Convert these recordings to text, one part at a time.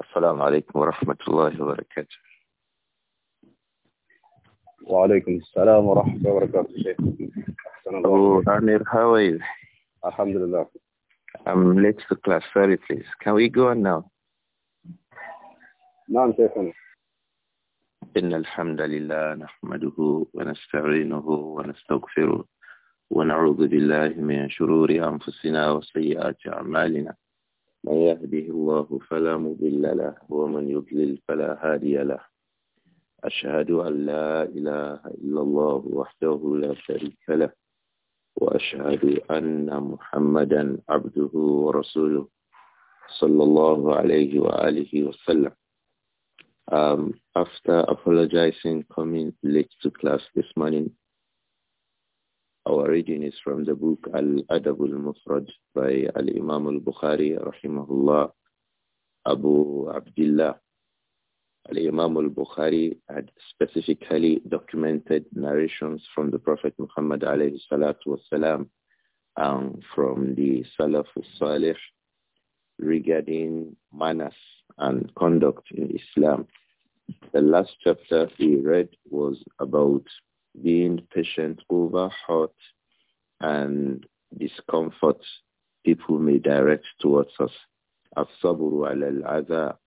السلام عليكم ورحمة الله وبركاته وعليكم السلام ورحمة الله وبركاته شيخ أحسن الله Hello, Amir, how are you? لله I'm late to class, sorry please. Can we go on now? نعم شيخ إن الحمد لله نحمده ونستعينه ونستغفره ونعوذ بالله من شرور أنفسنا وسيئات أعمالنا من يهده الله فلا مضل له ومن يضلل فلا هادي له أشهد أن لا إله إلا الله وحده لا شريك له وأشهد أن محمدا عبده ورسوله صلى الله عليه وآله وسلم um, After apologizing coming late to class this morning, Our reading is from the book Al-Adab al-Mufrad by Al-Imam al-Bukhari, rahimahullah, Abu Abdullah. Al-Imam al-Bukhari had specifically documented narrations from the Prophet Muhammad alayhi salatu wasalam and from the Salaf al-Salih regarding manners and conduct in Islam. The last chapter we read was about being patient over hurt and discomfort people may direct towards us. As-sabru al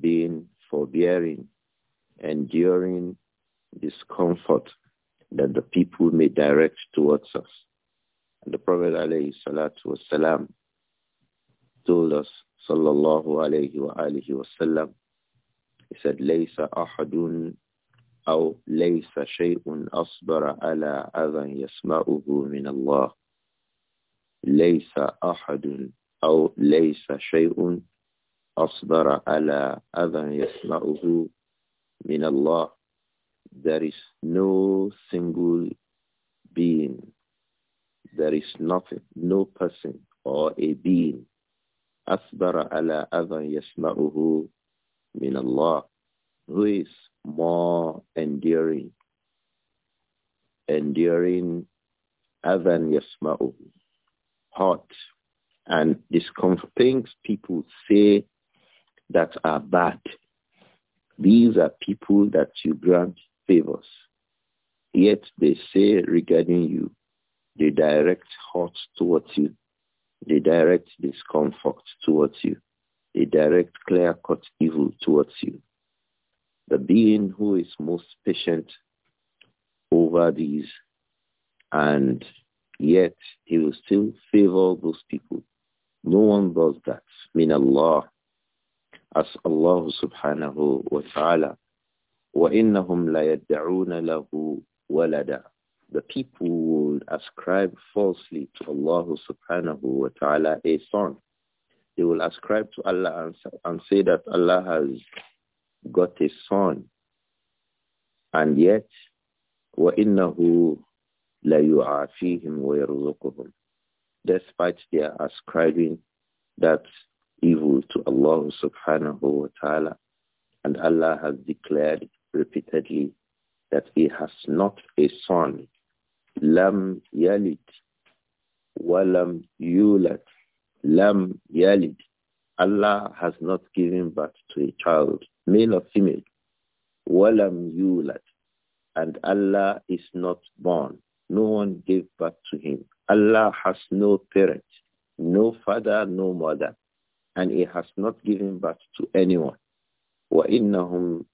being forbearing, enduring discomfort that the people may direct towards us. And the Prophet alayhi salatu wasalam told us, sallallahu alayhi wa alihi wasallam, he said, "Laysa أَحَدٌ أو ليس شيء أصبر على أذى يسمعه من الله ليس أحد أو ليس شيء أصبر على أذى يسمعه من الله There is no single being There is nothing, no person or a being أصبر على أذى يسمعه من الله Who is more enduring. Enduring Avan Yasma'u. Hot and discomfort. Things people say that are bad. These are people that you grant favors. Yet they say regarding you, they direct hurt towards you. They direct discomfort towards you. They direct clear-cut evil towards you the being who is most patient over these and yet he will still favor those people. No one does that. Mean Allah. As Allah subhanahu wa ta'ala. وَإِنَّهُمْ لَيَدَّعُونَ لَهُ وَلَدًا The people will ascribe falsely to Allah subhanahu wa ta'ala a son. They will ascribe to Allah and say that Allah has got a son. And yet, وَإِنَّهُ لَيُعَافِيهِمْ وَيَرْزُقُهُمْ Despite their ascribing that evil to Allah subhanahu wa ta'ala, and Allah has declared repeatedly that he has not a son. Lam يَلِدْ وَلَمْ يُولَدْ Lam يَلِدْ Allah has not given birth to a child male or female. Walam yulad. And Allah is not born. No one gave birth to him. Allah has no parent, no father, no mother. And he has not given birth to anyone. وَإِنَّهُمْ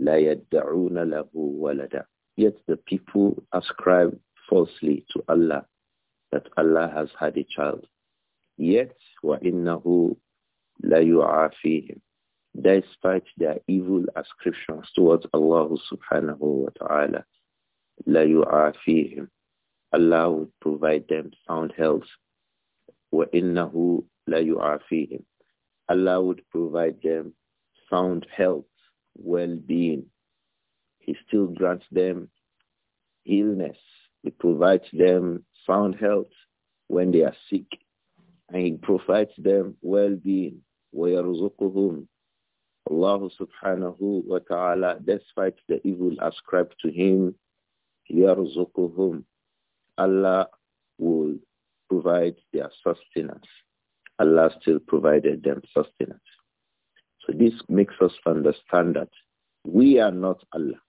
لَا يَدَّعُونَ لَهُ وَلَدًا Yet the people ascribe falsely to Allah that Allah has had a child. Yet وَإِنَّهُ لَا يُعَافِيهِمْ despite their evil ascriptions towards Allah subhanahu wa ta'ala. La yu'afihim. Allah will provide them sound health. Wa innahu la yu'afihim. Allah would provide them sound health, well-being. He still grants them illness. He provides them sound health when they are sick. And he provides them well-being. وَيَرْزُقُهُمْ Allah subhanahu wa ta'ala, despite the evil ascribed to him, يرزقهم Allah will provide their sustenance. Allah still provided them sustenance. So this makes us understand that we are not Allah.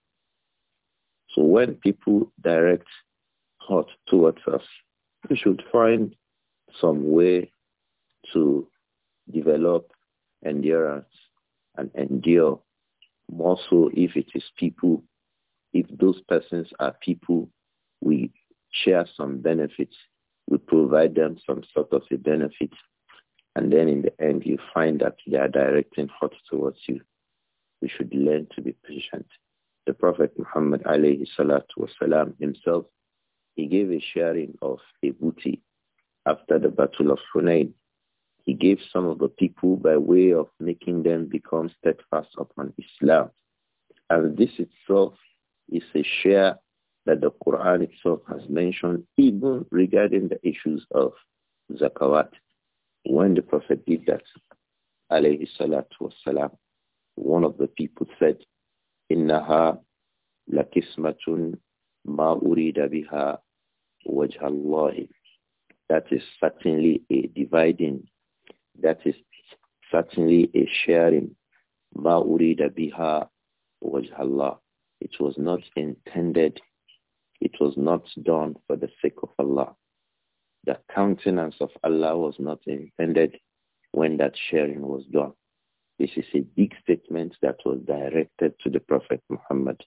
So when people direct hurt towards us, we should find some way to develop endurance and endure. More so if it is people, if those persons are people, we share some benefits, we provide them some sort of a benefit, and then in the end you find that they are directing hurt towards you. We should learn to be patient. The Prophet Muhammad alayhi salatu wasalam himself, he gave a sharing of a booty after the Battle of Hunayn he gave some of the people by way of making them become steadfast upon Islam. And this itself is a share that the Quran itself has mentioned even regarding the issues of zakawat. When the Prophet did that, alayhi salatu one of the people said, إنها لكسمة ما أريد بها وجه الله. That is certainly a dividing that is certainly a sharing. Ma urida biha Allah. It was not intended. It was not done for the sake of Allah. The countenance of Allah was not intended when that sharing was done. This is a big statement that was directed to the Prophet Muhammad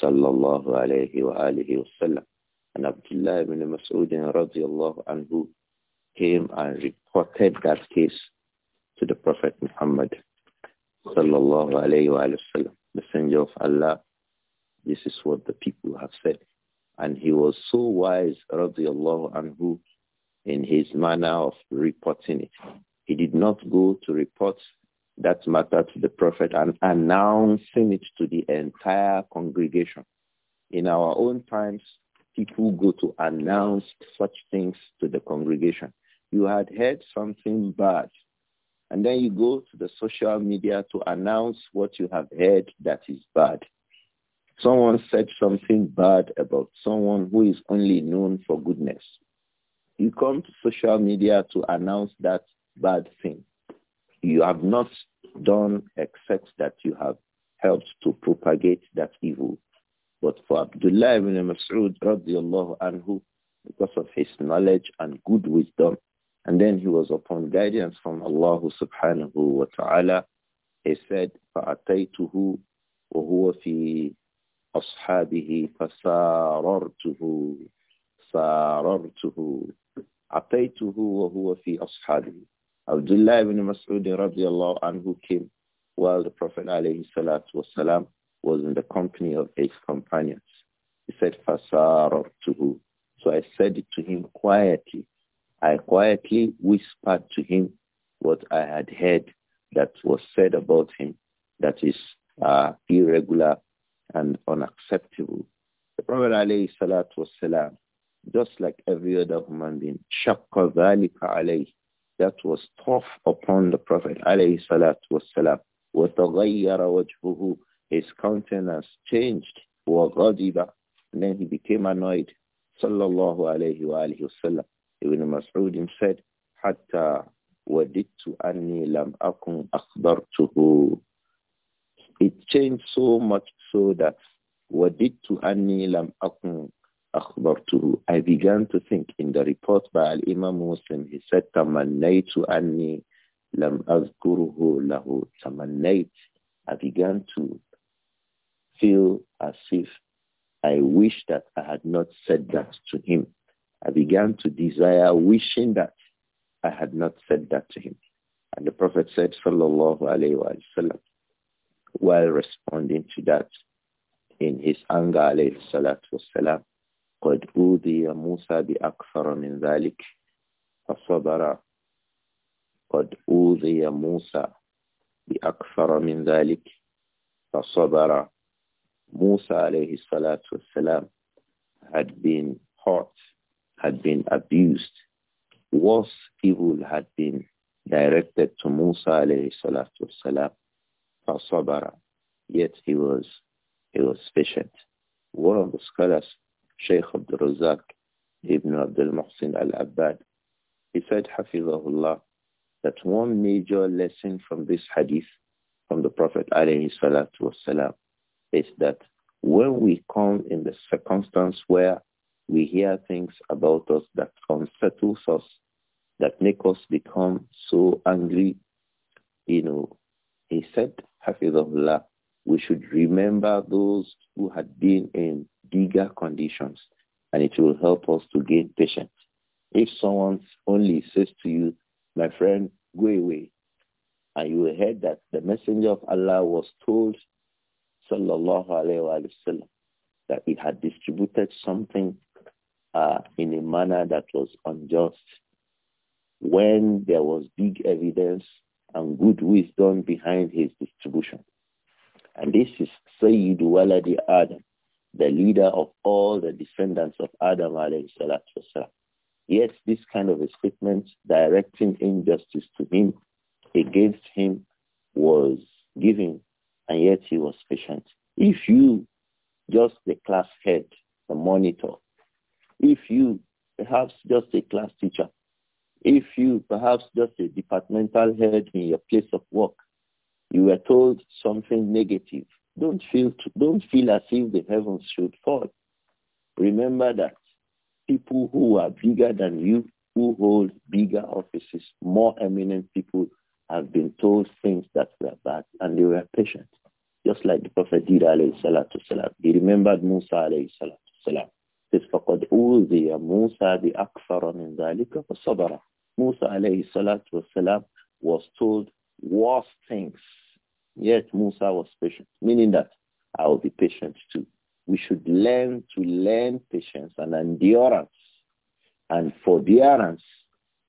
sallallahu alayhi wa alihi wa sallam. And Abdullah ibn Mas'ud radiallahu anhu came and reported that case to the Prophet Muhammad sallallahu alayhi wa sallam, messenger of Allah. This is what the people have said. And he was so wise, radiallahu anhu, in his manner of reporting it. He did not go to report that matter to the prophet and announcing it to the entire congregation. In our own times, people go to announce such things to the congregation. You had heard something bad. And then you go to the social media to announce what you have heard that is bad. Someone said something bad about someone who is only known for goodness. You come to social media to announce that bad thing. You have not done except that you have helped to propagate that evil. But for Abdullah ibn Mas'ud radiallahu anhu, because of his knowledge and good wisdom, and then he was upon guidance from Allah subhanahu wa ta'ala. He said, فَأَتَيْتُهُ وَهُوَ فِي أَصْحَابِهِ فَسَارَرْتُهُ سَارَرْتُهُ أَتَيْتُهُ وَهُوَ فِي أَصْحَابِهِ Abdullah ibn Mas'ud radiallahu anhu came while the Prophet alayhi salatu wasalam was in the company of his companions. He said, فَسَارَرْتُهُ So I said it to him quietly. I quietly whispered to him what I had heard that was said about him that is uh, irregular and unacceptable. The Prophet alayhi salatu wasalam, just like every other human being, shakka dhalika alayhi, that was tough upon the Prophet alayhi salatu wasalam. وَتَغَيَّرَ وَجْهُهُ His countenance changed. وَغَضِبَ And then he became annoyed. Sallallahu alayhi wa alayhi wa sallam. Ibn Mas'ud said, It changed so much so that I began to think in the report by Al-Imam Muslim he said تمنيت أني lam أذكره له I began to feel as if I wish that I had not said that to him I began to desire, wishing that I had not said that to him. And the Prophet said, Sallallahu Alaihi Wasallam, while responding to that in his anger, alayhi salatu wasalam, قد أوذي موسى بأكثر من ذلك فصبر قد أوذي موسى بأكثر من ذلك فصبر Musa alayhi salatu wasalam had been hurt had been abused. Worse evil had been directed to Musa alayhi salatu wasalam. Yet he was, he was patient. One of the scholars, Sheikh Abdul Razak Ibn Abdul Muhsin al-Abbad, he said, Hafizahullah, that one major lesson from this hadith from the Prophet alayhi salatu wasalam is that when we come in the circumstance where we hear things about us that unsettles us, that make us become so angry. You know, he said, Hafizullah, we should remember those who had been in bigger conditions and it will help us to gain patience. If someone only says to you, my friend, go away, and you heard that the messenger of Allah was told, sallallahu alayhi wa, sallam, that he had distributed something uh, in a manner that was unjust. When there was big evidence and good wisdom behind his distribution. And this is Sayyid Waladi Adam, the leader of all the descendants of Adam alayhi salatu Yet this kind of a statement directing injustice to him, against him, was given, and yet he was patient. If you, just the class head, the monitor, if you perhaps just a class teacher, if you perhaps just a departmental head in your place of work, you were told something negative. Don't feel don't feel as if the heavens should fall. Remember that people who are bigger than you, who hold bigger offices, more eminent people, have been told things that were bad, and they were patient, just like the Prophet did. Alayhi salatu salam. He remembered Musa alayhi salatu salam says, فَقَدْ أُوذِيَ مُوسَى بِأَكْفَرَ مِنْ ذَلِكَ فَصَبَرَ Musa alayhi salatu wasalam was told worse things. Yet Musa was patient, meaning that I will be patient too. We should learn to learn patience and endurance and forbearance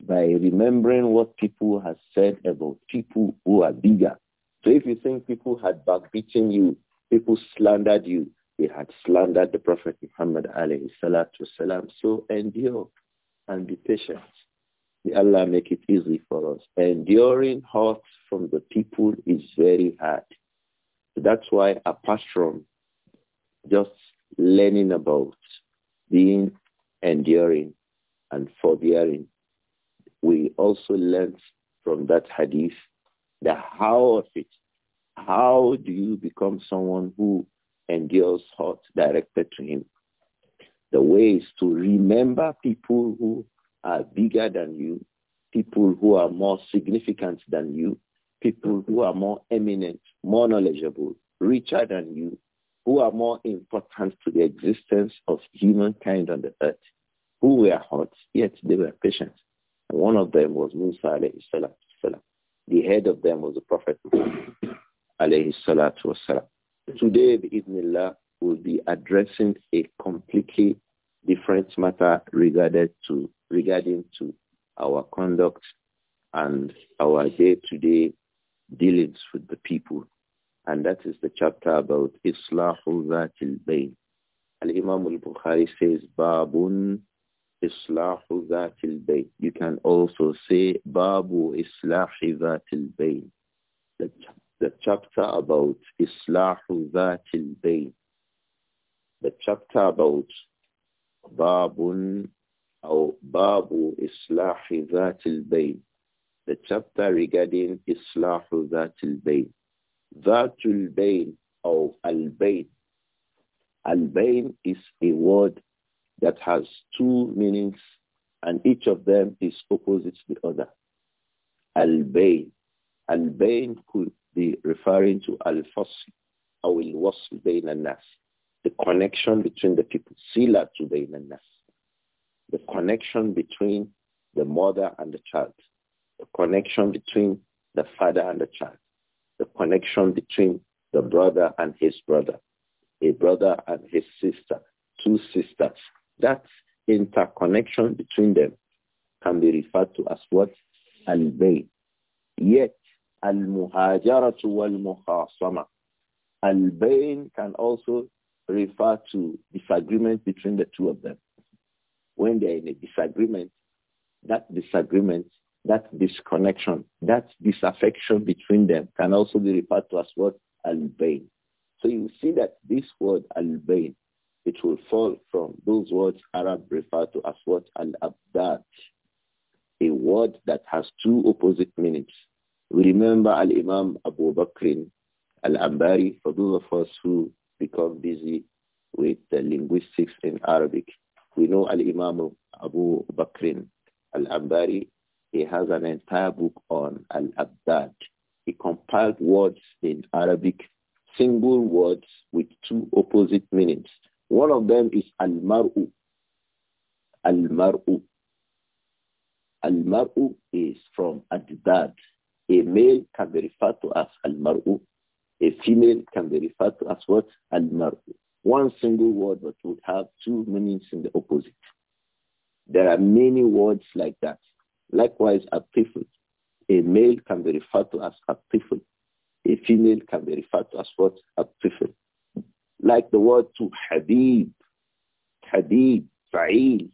by remembering what people have said about people who are bigger. So if you think people had backbiting you, people slandered you, they had slandered the Prophet Muhammad alayhi salatu wasalam. So endure and be patient. May Allah make it easy for us. Enduring hurt from the people is very hard. So that's why apart from just learning about being enduring and forbearing, we also learned from that hadith the how of it. How do you become someone who and endures heart directed to him. The way is to remember people who are bigger than you, people who are more significant than you, people who are more eminent, more knowledgeable, richer than you, who are more important to the existence of humankind on the earth, who were hot yet they were patient. And one of them was Musa alayhi salatu The head of them was the Prophet alayhi salatu wasalam. Today, Bismillah, will be addressing a completely different matter regarded to regarding to our conduct and our day-to-day dealings with the people. And that is the chapter about Islahul Zatil Bayn. Al-Imam al-Bukhari says, Babun Islahul Zatil Bayn. You can also say, Babu Islahi Zatil Bayn. The the chapter about Islahu Zatil Bayn. The chapter about Babun or Babu Islahi Zatil Bayn. The chapter regarding Islahu Zatil Bayn. Zatul Bayn or Al Bayn. Al Bayn is a word that has two meanings and each of them is opposite to the other. Al Bayn and bayn could be referring to al-fasl or al-wasl bayn al-nas, the connection between the people, sila to bayn al-nas, the connection between the mother and the child, the connection between the father and the child, the connection between the brother and his brother, a brother and his sister, two sisters. That interconnection between them can be referred to as what? Al-Bayn. Yet Al-Muhajaratu wal Al-Bain can also refer to disagreement between the two of them. When they're in a disagreement, that disagreement, that disconnection, that disaffection between them can also be referred to as what? Al-Bain. So you see that this word Al-Bain, it will fall from those words Arab refer to as what? Al-Abdat. A word that has two opposite meanings. We remember Al-Imam Abu Bakr Al-Ambari for those of us who become busy with the linguistics in Arabic. We know Al-Imam Abu Bakr Al-Ambari. He has an entire book on Al-Abdad. He compiled words in Arabic, single words with two opposite meanings. One of them is Al-Mar'u. Al-Mar'u. Al-Mar'u is from Adad. A male can be referred to as al-mar'u. A female can be referred to as what? Al-mar'u. One single word but would have two meanings in the opposite. There are many words like that. Likewise, a A male can be referred to as a A female can be referred to as what? A Like the word to habib. Habib, fa'il.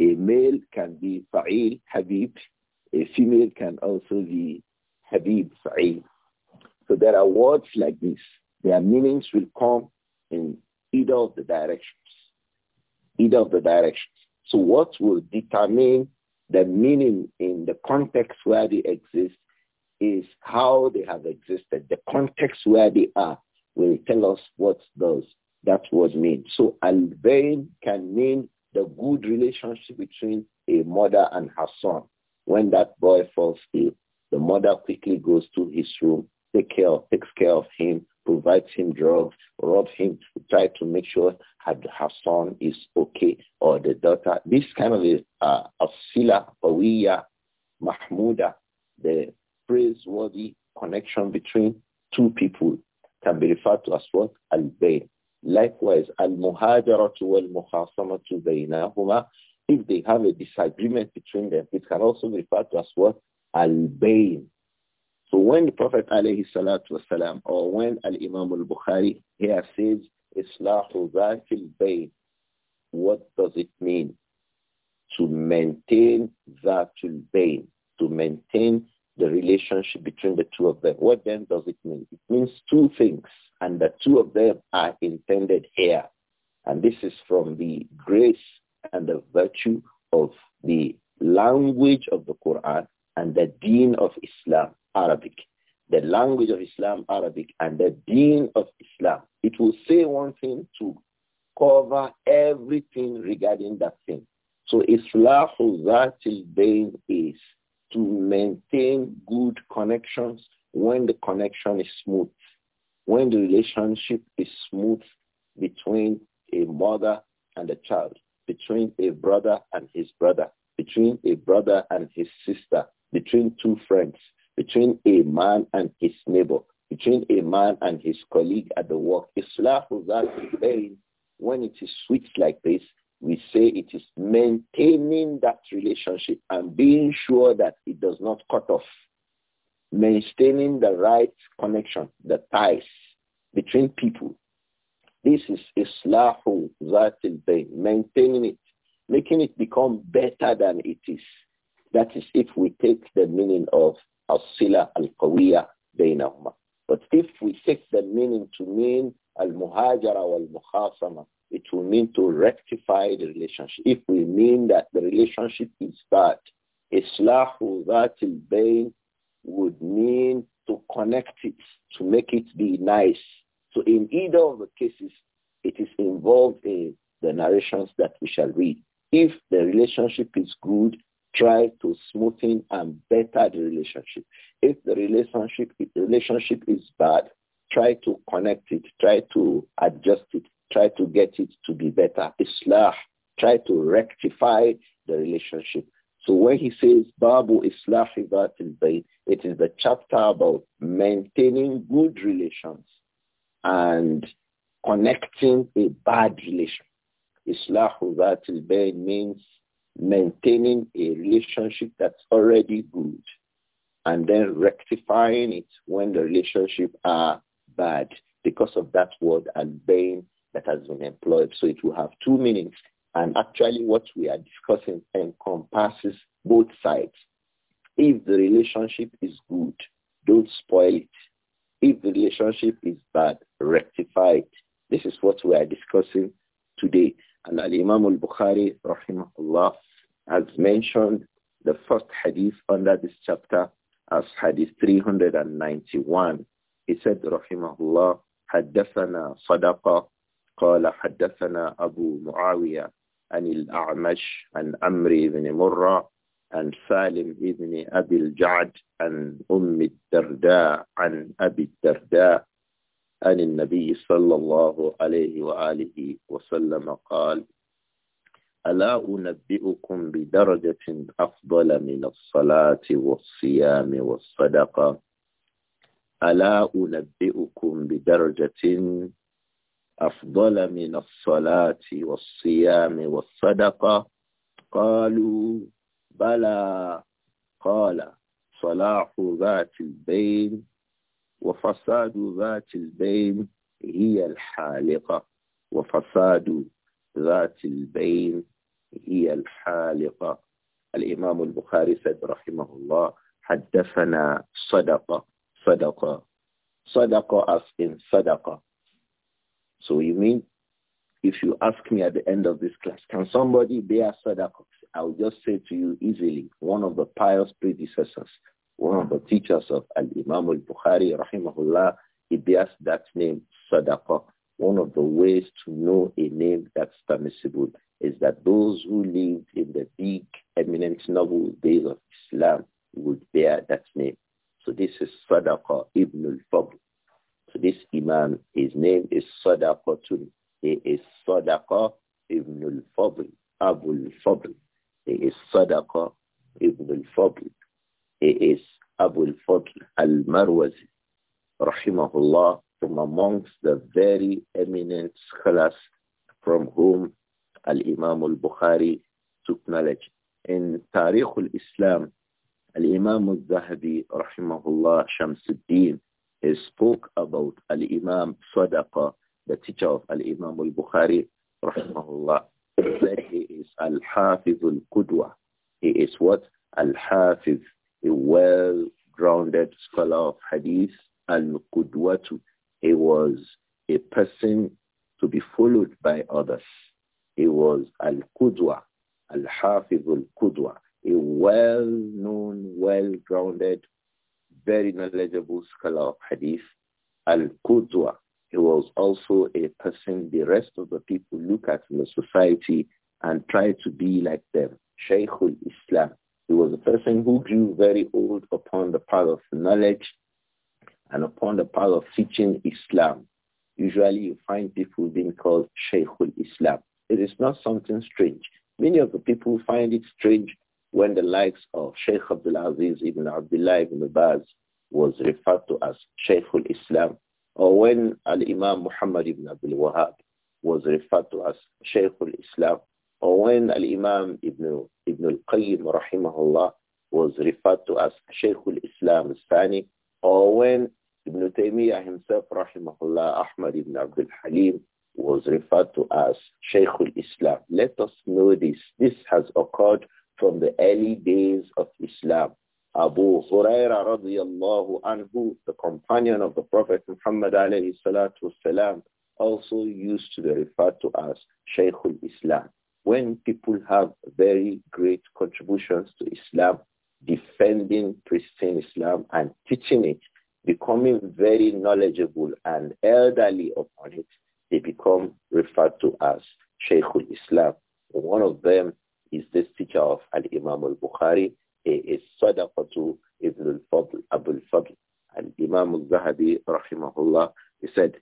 A male can be fa'il, habib. A female can also be Habib Sa'id. So there are words like this. Their meanings will come in either of the directions. Either of the directions. So what will determine the meaning in the context where they exist is how they have existed. The context where they are will tell us what those that word mean. So al-bayn can mean the good relationship between a mother and her son when that boy falls ill. The mother quickly goes to his room, take care of, takes care of him, provides him drugs, robs him, try to make sure her, her son is okay or the daughter. This kind of a sila awiya, mahmuda, the praiseworthy connection between two people can be referred to as what? Al-bayn. Likewise, al-muhajaratu wal-muhasamatu baynahuma. If they have a disagreement between them, it can also be referred to as what? al-bayn. So when the Prophet alayhi salatu wasalam or when al-Imam al-Bukhari here says islahu fil bayn, what does it mean? To maintain al bayn, to maintain the relationship between the two of them. What then does it mean? It means two things, and the two of them are intended here. And this is from the grace and the virtue of the language of the Quran and the deen of Islam, Arabic. The language of Islam, Arabic, and the deen of Islam. It will say one thing to cover everything regarding that thing. So Islahu Zatil Bain is to maintain good connections when the connection is smooth, when the relationship is smooth between a mother and a child, between a brother and his brother, between a brother and his sister, between two friends, between a man and his neighbor, between a man and his colleague at the work. Islah that when it is switched like this, we say it is maintaining that relationship and being sure that it does not cut off. Maintaining the right connection, the ties between people. This is Islahu Zatil Bain, maintaining it, making it become better than it is. That is if we take the meaning of al sila al-qawiyya bainahuma. But if we take the meaning to mean al-muhajara wal-mukhasama, it will mean to rectify the relationship. If we mean that the relationship is bad, islahu zatil bain would mean to connect it, to make it be nice. So in either of the cases, it is involved in the narrations that we shall read. If the relationship is good, try to smoothen and better the relationship. If the relationship relationship is bad, try to connect it, try to adjust it, try to get it to be better. Islah, try to rectify the relationship. So when he says Babu Islah Bayt, it is the chapter about maintaining good relations and connecting a bad relation. Islah Bayn means maintaining a relationship that's already good and then rectifying it when the relationship are bad because of that word and being that has been employed. So it will have two meanings. And actually what we are discussing encompasses both sides. If the relationship is good, don't spoil it. If the relationship is bad, rectify it. This is what we are discussing today. And Al-Imam al-Bukhari, rahimahullah, has mentioned the first hadith under this chapter as hadith 391. He said, Rahimahullah, حدثنا صدقة قال حدثنا أبو معاوية عن الأعمش عن أمري بن مرة عن سالم بن أبي الجعد عن أم الدرداء عن أبي الدرداء عن النبي صلى الله عليه وآله وسلم قال ألا أنبئكم بدرجة أفضل من الصلاة والصيام والصدقة ألا أنبئكم بدرجة أفضل من الصلاة والصيام والصدقة قالوا بلى قال صلاح ذات البين وفساد ذات البين هي الحالقة وفساد ذات البين هي الحالقة الإمام البخاري رحمه الله حدثنا صدقة صدقة صدقة as in صدقة so you mean if you ask me at the end of this class, can somebody bear صدقة? I'll just say to you easily, one of the pious predecessors, one of the teachers of Al-Imam al-Bukhari, rahimahullah, he bears that name, صدقة. One of the ways to know a name that's permissible is that those who lived in the big eminent noble days of Islam would bear that name. So this is Sadaqa ibn al-Fadl. So this Imam, his name is Sadaqatun. He is Sadaqa ibn al-Fadl, Abu al-Fadl. He is Sadaqa ibn al-Fadl. He is Abu al-Fadl al-Marwazi, rahimahullah, from amongst the very eminent scholars from whom Al-Imam al-Bukhari took knowledge. In Tariq al-Islam, Al-Imam al-Zahabi, rahimahullah, Shamsuddin, he spoke about Al-Imam Sadaqa, the teacher of Al-Imam al-Bukhari, rahimahullah, that he is Al-Hafiz al-Qudwa. He is what? Al-Hafiz, a well-grounded scholar of Hadith, Al-Qudwatu. He was a person to be followed by others. He was Al-Qudwa, Al-Hafiz Al-Qudwa, a well-known, well-grounded, very knowledgeable scholar of Hadith, Al-Qudwa. He was also a person the rest of the people look at in the society and try to be like them. Shaykhul Islam. He was a person who grew very old upon the path of knowledge and upon the path of teaching Islam. Usually you find people being called Shaykhul Islam. It is not something strange. Many of the people find it strange when the likes of Sheikh Abdul Aziz ibn Abdullah ibn Baz was referred to as Sheikh al-Islam, or when Al-Imam Muhammad ibn Abdul Wahab was referred to as Sheikh al-Islam, or when Al-Imam ibn, ibn al-Qayyim rahimahullah was referred to as Sheikh al-Islam or when Ibn Taymiyyah himself rahimahullah, Ahmad ibn Abdul Halim was referred to as Shaykhul islam Let us know this. This has occurred from the early days of Islam. Abu Huraira radiallahu anhu, the companion of the Prophet Muhammad alayhi salatu wasalam, also used to be referred to as Shaykhul islam When people have very great contributions to Islam, defending pristine Islam and teaching it, becoming very knowledgeable and elderly upon it, they become referred to as Shaykhul Islam. One of them is this teacher of Al-Imam al-Bukhari, a Sadaqatu Ibn al-Fadl, Abu al-Fadl. And Imam al-Zahabi, rahimahullah, he said,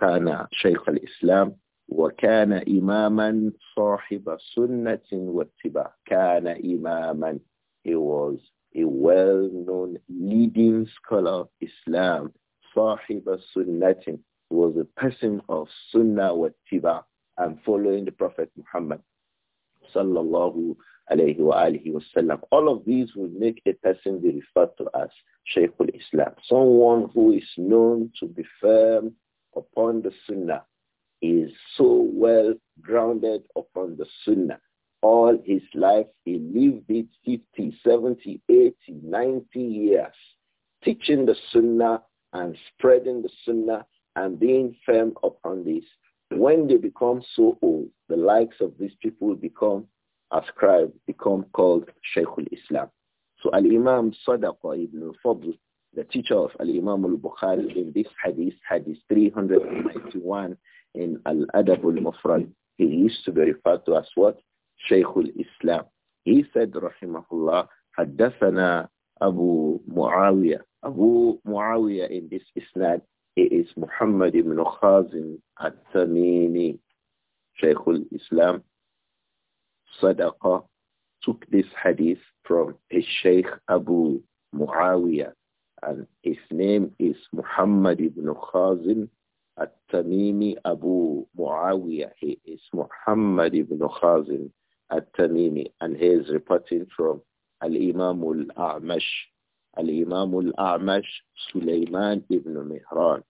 Shaykh شيخ Islam, وكان إماما صاحب سنة واتباع كان إماما he was a well-known leading scholar of Islam صاحب سنة was a person of sunnah wa tiba and following the Prophet Muhammad sallallahu alayhi wa alihi wasallam. All of these would make a person be referred to as Shaykhul islam someone who is known to be firm upon the sunnah, is so well grounded upon the sunnah. All his life, he lived it 50, 70, 80, 90 years, teaching the sunnah and spreading the sunnah and being firm upon this, when they become so old, the likes of these people become ascribed, become called Shaykhul Islam. So Al-Imam Sadaqa ibn Fadl, the teacher of Al-Imam al-Bukhari in this hadith, hadith 391 in Al-Adab al-Mufrad, he used to be referred to as what? Shaykhul Islam. He said, Rahimahullah, حدثنا أبو معاوية. Abu Muawiyah in this Islam. It is Muhammad ibn Khazin al-Tamimi, al Islam, Sadaqah, took this hadith from his Shaykh Abu Muawiyah, and his name is Muhammad ibn Khazin At-Tamimi Abu Muawiyah. He is Muhammad ibn Khazin At-Tamimi, and he is reporting from Al-Imam Al-A'mash, Al-Imam amash Sulaiman ibn Mihran.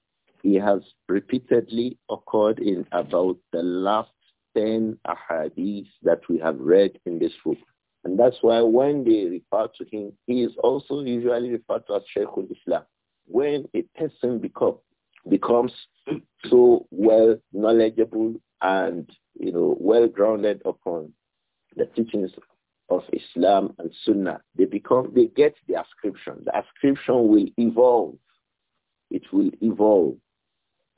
He has repeatedly occurred in about the last 10 ahadith that we have read in this book. And that's why when they refer to him, he is also usually referred to as Shaykh al-Islam. When a person become, becomes so well knowledgeable and you know well grounded upon the teachings of Islam and Sunnah, they become, they get the ascription. The ascription will evolve. It will evolve.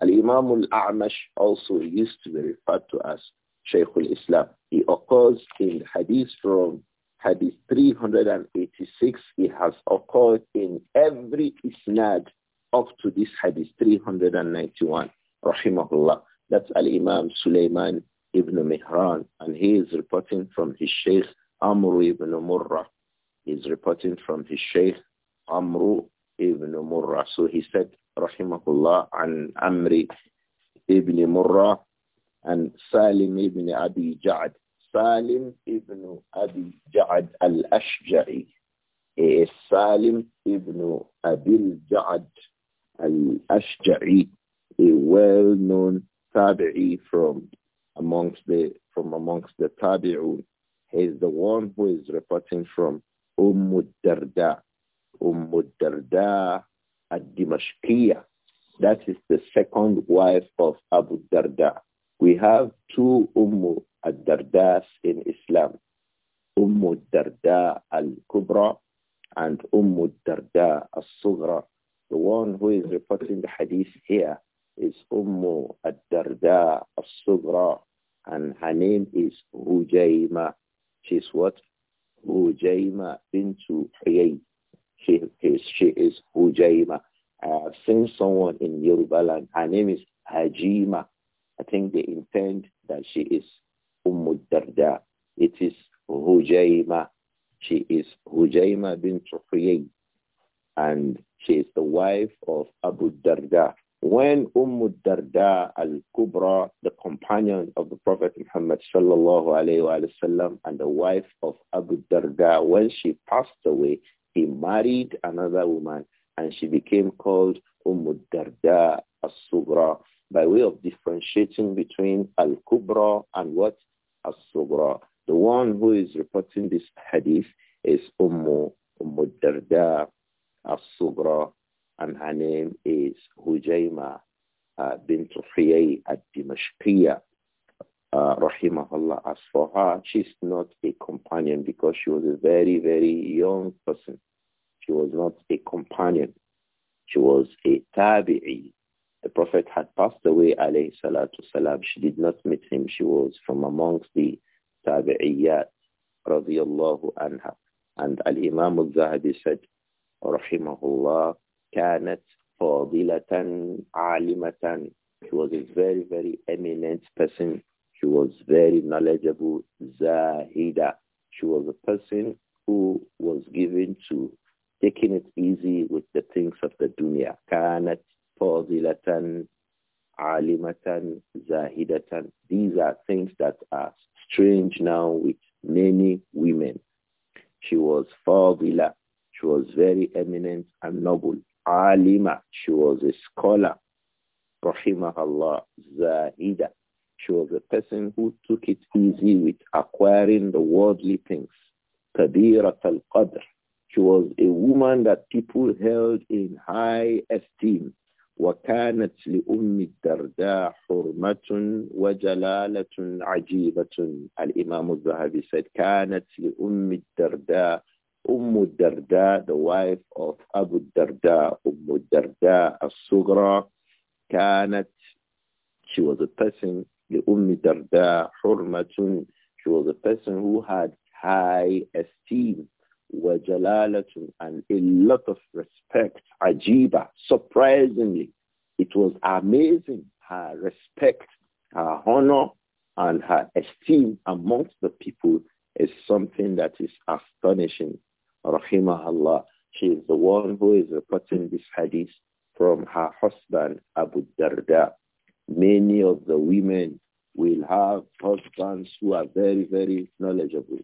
Al-Imam al-A'mash also used to be referred to as Shaykh al-Islam. He occurs in hadith from hadith 386. He has occurred in every isnad up to this hadith 391. Rahimahullah. That's Al-Imam Sulaiman ibn Mihran. And he is reporting from his Shaykh Amru ibn Murrah is reporting from his Shaykh Amru ibn Murrah. So he said, Rahimahullah, an Amri ibn Murrah and Salim ibn Abi Ja'ad. Salim ibn Abi Ja'ad al-Ashja'i. is Salim ibn Abil Ja'ad al-Ashja'i, a well-known tabi'i from amongst the from amongst the tabi'un he is the one who is reporting from Umudarda, Darda. Umm Darda ad-Dimashqiyah. That is the second wife of Abu Darda. We have two Umm ad-Dardas in Islam. Umm Darda al-Kubra and Umm Darda al-Sughra. The one who is reporting the hadith here is Umm ad-Darda al-Sughra and her name is Hujayma. She's what? Hujaima bintu Uyay. She is, she is Hujaima. I have seen someone in Yoruba land. Her name is Hajima. I think they intend that she is Umudarda. It is Hujaima. She is Hujaima bin Huyay. And she is the wife of Abu Darda. When Umm Darda al-Kubra, the companion of the Prophet Muhammad sallallahu alayhi wasallam and the wife of Abu Darda, when she passed away, he married another woman and she became called Umm Darda al-Sugra by way of differentiating between al-Kubra and what? Al-Sugra. The one who is reporting this hadith is Umm, Umm Darda al-Sugra and her name is Hujayma uh, bint Huyay al dimashqiya uh, rahimahullah. As for her, she's not a companion because she was a very, very young person. She was not a companion. She was a tabi'i. The Prophet had passed away, alayhi salatu salam. She did not meet him. She was from amongst the tabi'iyat, radiyallahu anha. And Al-Imam al-Zahabi said, rahimahullah, كانت فاضلة عالمة He was a very, very eminent person. She was very knowledgeable. Zahida. She was a person who was given to taking it easy with the things of the dunya. كانت فاضلة alimatan, zahidatan. These are things that are strange now with many women. She was fadila. She was very eminent and noble alima. She was a scholar. Rahimahullah Zahida. She was a person who took it easy with acquiring the worldly things. Kabirat al-Qadr. She was a woman that people held in high esteem. وكانت لأم الدرداء حرمة وجلالة عجيبة الإمام الذهبي said كانت لأم الدرداء Umm Darda, the wife of Abu Darda, Umm Darda as-Sughra, كانت, she was a person, لأم حرمة, she was a person who had high esteem, وجلالة, and a lot of respect, عجيبة, surprisingly. It was amazing, her respect, her honor, and her esteem amongst the people is something that is astonishing rahimahullah. She is the one who is reporting this hadith from her husband, Abu Darda. Many of the women will have husbands who are very, very knowledgeable.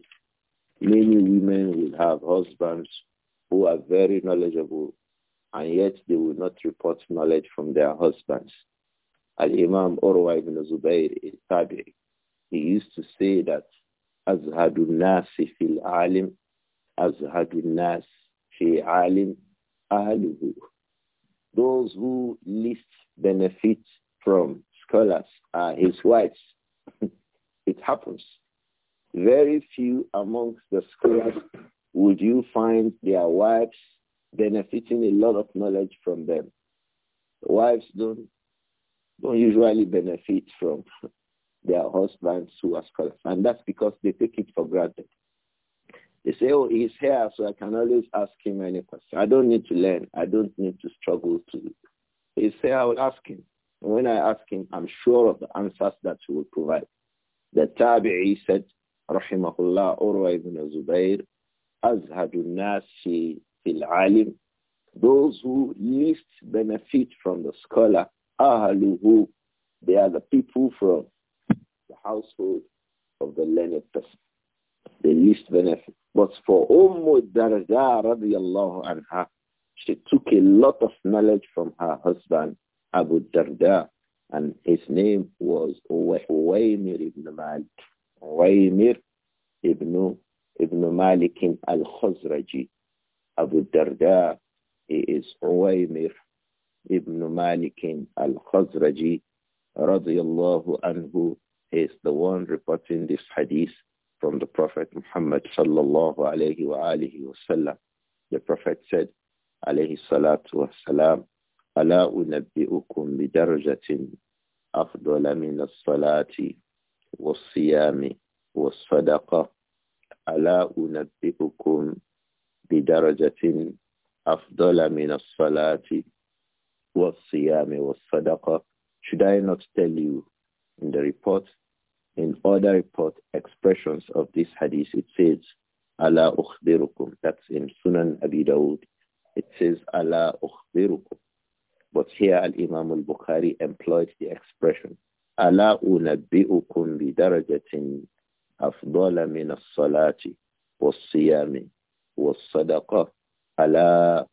Many women will have husbands who are very knowledgeable, and yet they will not report knowledge from their husbands. Al-Imam Urwa ibn Zubayr al-Tabi'i, he used to say that, أَزْهَدُ النَّاسِ فِي الْعَالِمِ أزهد الناس في عالم أهله those who least benefit from scholars are his wives. it happens. Very few amongst the scholars would you find their wives benefiting a lot of knowledge from them. The wives don't, don't usually benefit from their husbands who are scholars. And that's because they take it for granted. They say, oh, he's here, so I can always ask him any question. I don't need to learn. I don't need to struggle to. He's say, I will ask him. And when I ask him, I'm sure of the answers that he will provide. The Tabi'i said, Rahimahullah, Urwa ibn Zubair, Azhadun Nasi fil Alim. Those who least benefit from the scholar, Ahaluhu, they are the people from the household of the learned person. They least benefit. But for Umm Darda radiallahu anha, she took a lot of knowledge from her husband, Abu Darda, and his name was Uwaymir ibn Malik. Uwaymir ibn, ibn Malik al-Khazraji. Abu Darda he is Uwaymir ibn Malik al-Khazraji, radiallahu anhu. He is the one reporting this hadith from the Prophet Muhammad sallallahu alayhi wa alihi wasallam. The Prophet said, alayhi salatu wasalam, ألا أنبئكم بدرجة أفضل من الصلاة والصيام والصدقة ألا أنبئكم بدرجة أفضل من الصلاة والصيام والصدقة Should I not tell you in the report in other report expressions of this hadith, it says, Ala ukhbirukum. That's in Sunan Abi Dawud. It says, Ala ukhbirukum. But here Al-Imam al-Bukhari employed the expression, Ala unabbi'ukum darajatin afdala min as-salati was-siyami was-sadaqa. Ala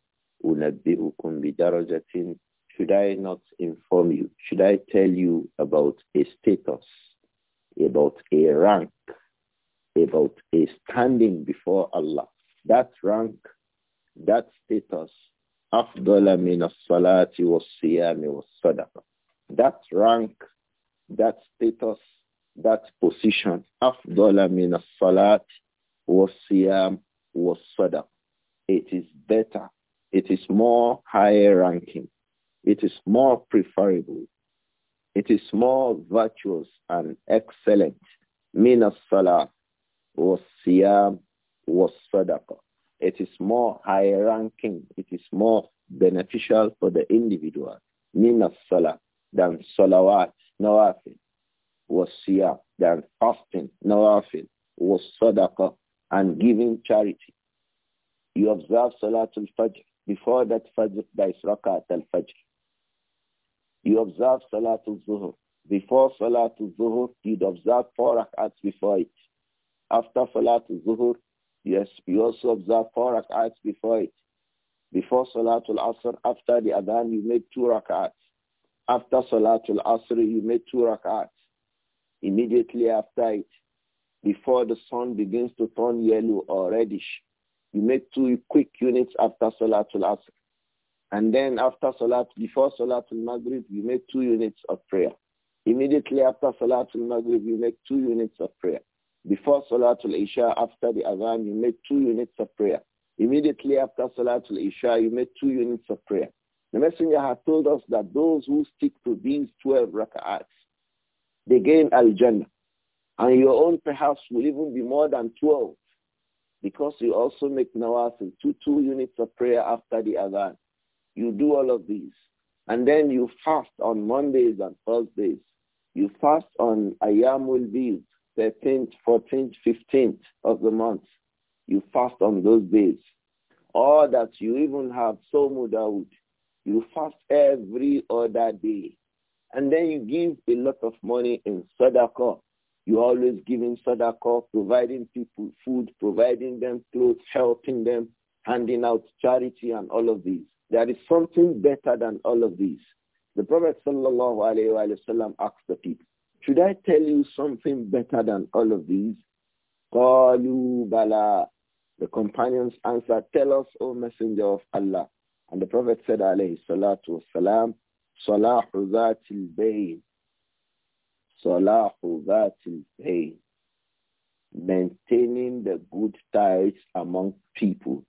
unabbi'ukum Should I not inform you? Should I tell you about a status? about a rank, about a standing before Allah. That rank, that status, أفضل was الصلاة was والصدقة. That rank, that status, that position, أفضل was الصلاة was والصدقة. It is better. It is more higher ranking. It is more preferable it is more virtuous and excellent. minas as-salah was siyam was sadaqah. It is more high ranking. It is more beneficial for the individual. minas as-salah than salawat, nawafil, was siyam, than fasting, nawafil, was sadaqah, and giving charity. You observe Salatul Fajr. Before that Fajr, there is Rakat al-Fajr. You observe Salatul Zuhur. Before Salatul Zuhur, you'd observe four rak'ats before it. After Salatul Zuhur, yes, you also observe four rak'ats before it. Before Salatul Asr, after the Adhan, you make two rak'ats. After Salatul Asr, you make two rak'ats. Immediately after it, before the sun begins to turn yellow or reddish, you make two quick units after Salatul Asr. And then after Salat, before Salatul Maghrib, we make two units of prayer. Immediately after Salatul Maghrib, we make two units of prayer. Before al Isha, after the Adhan, you make two units of prayer. Immediately after al Isha, you make two units of prayer. The Messenger had told us that those who stick to these 12 rak'ahs, they gain al-Jannah. And your own perhaps will even be more than 12 because you also make nawafil, two, two units of prayer after the Adhan. You do all of these. And then you fast on Mondays and Thursdays. You fast on Ayamul Bid, 13th, 14th, 15th of the month. You fast on those days. Or that you even have Somudawud. You fast every other day. And then you give a lot of money in Sadaqah. You're always giving Sadaqah, providing people food, providing them clothes, helping them, handing out charity and all of these. There is something better than all of these. The Prophet sallallahu asked the people, should I tell you something better than all of these? bala. The companions answered, tell us, O Messenger of Allah. And the Prophet said, alayhi salatu wasalam, salahu dhatil bayn. Salahu dhatil bayn. Maintaining the good ties among people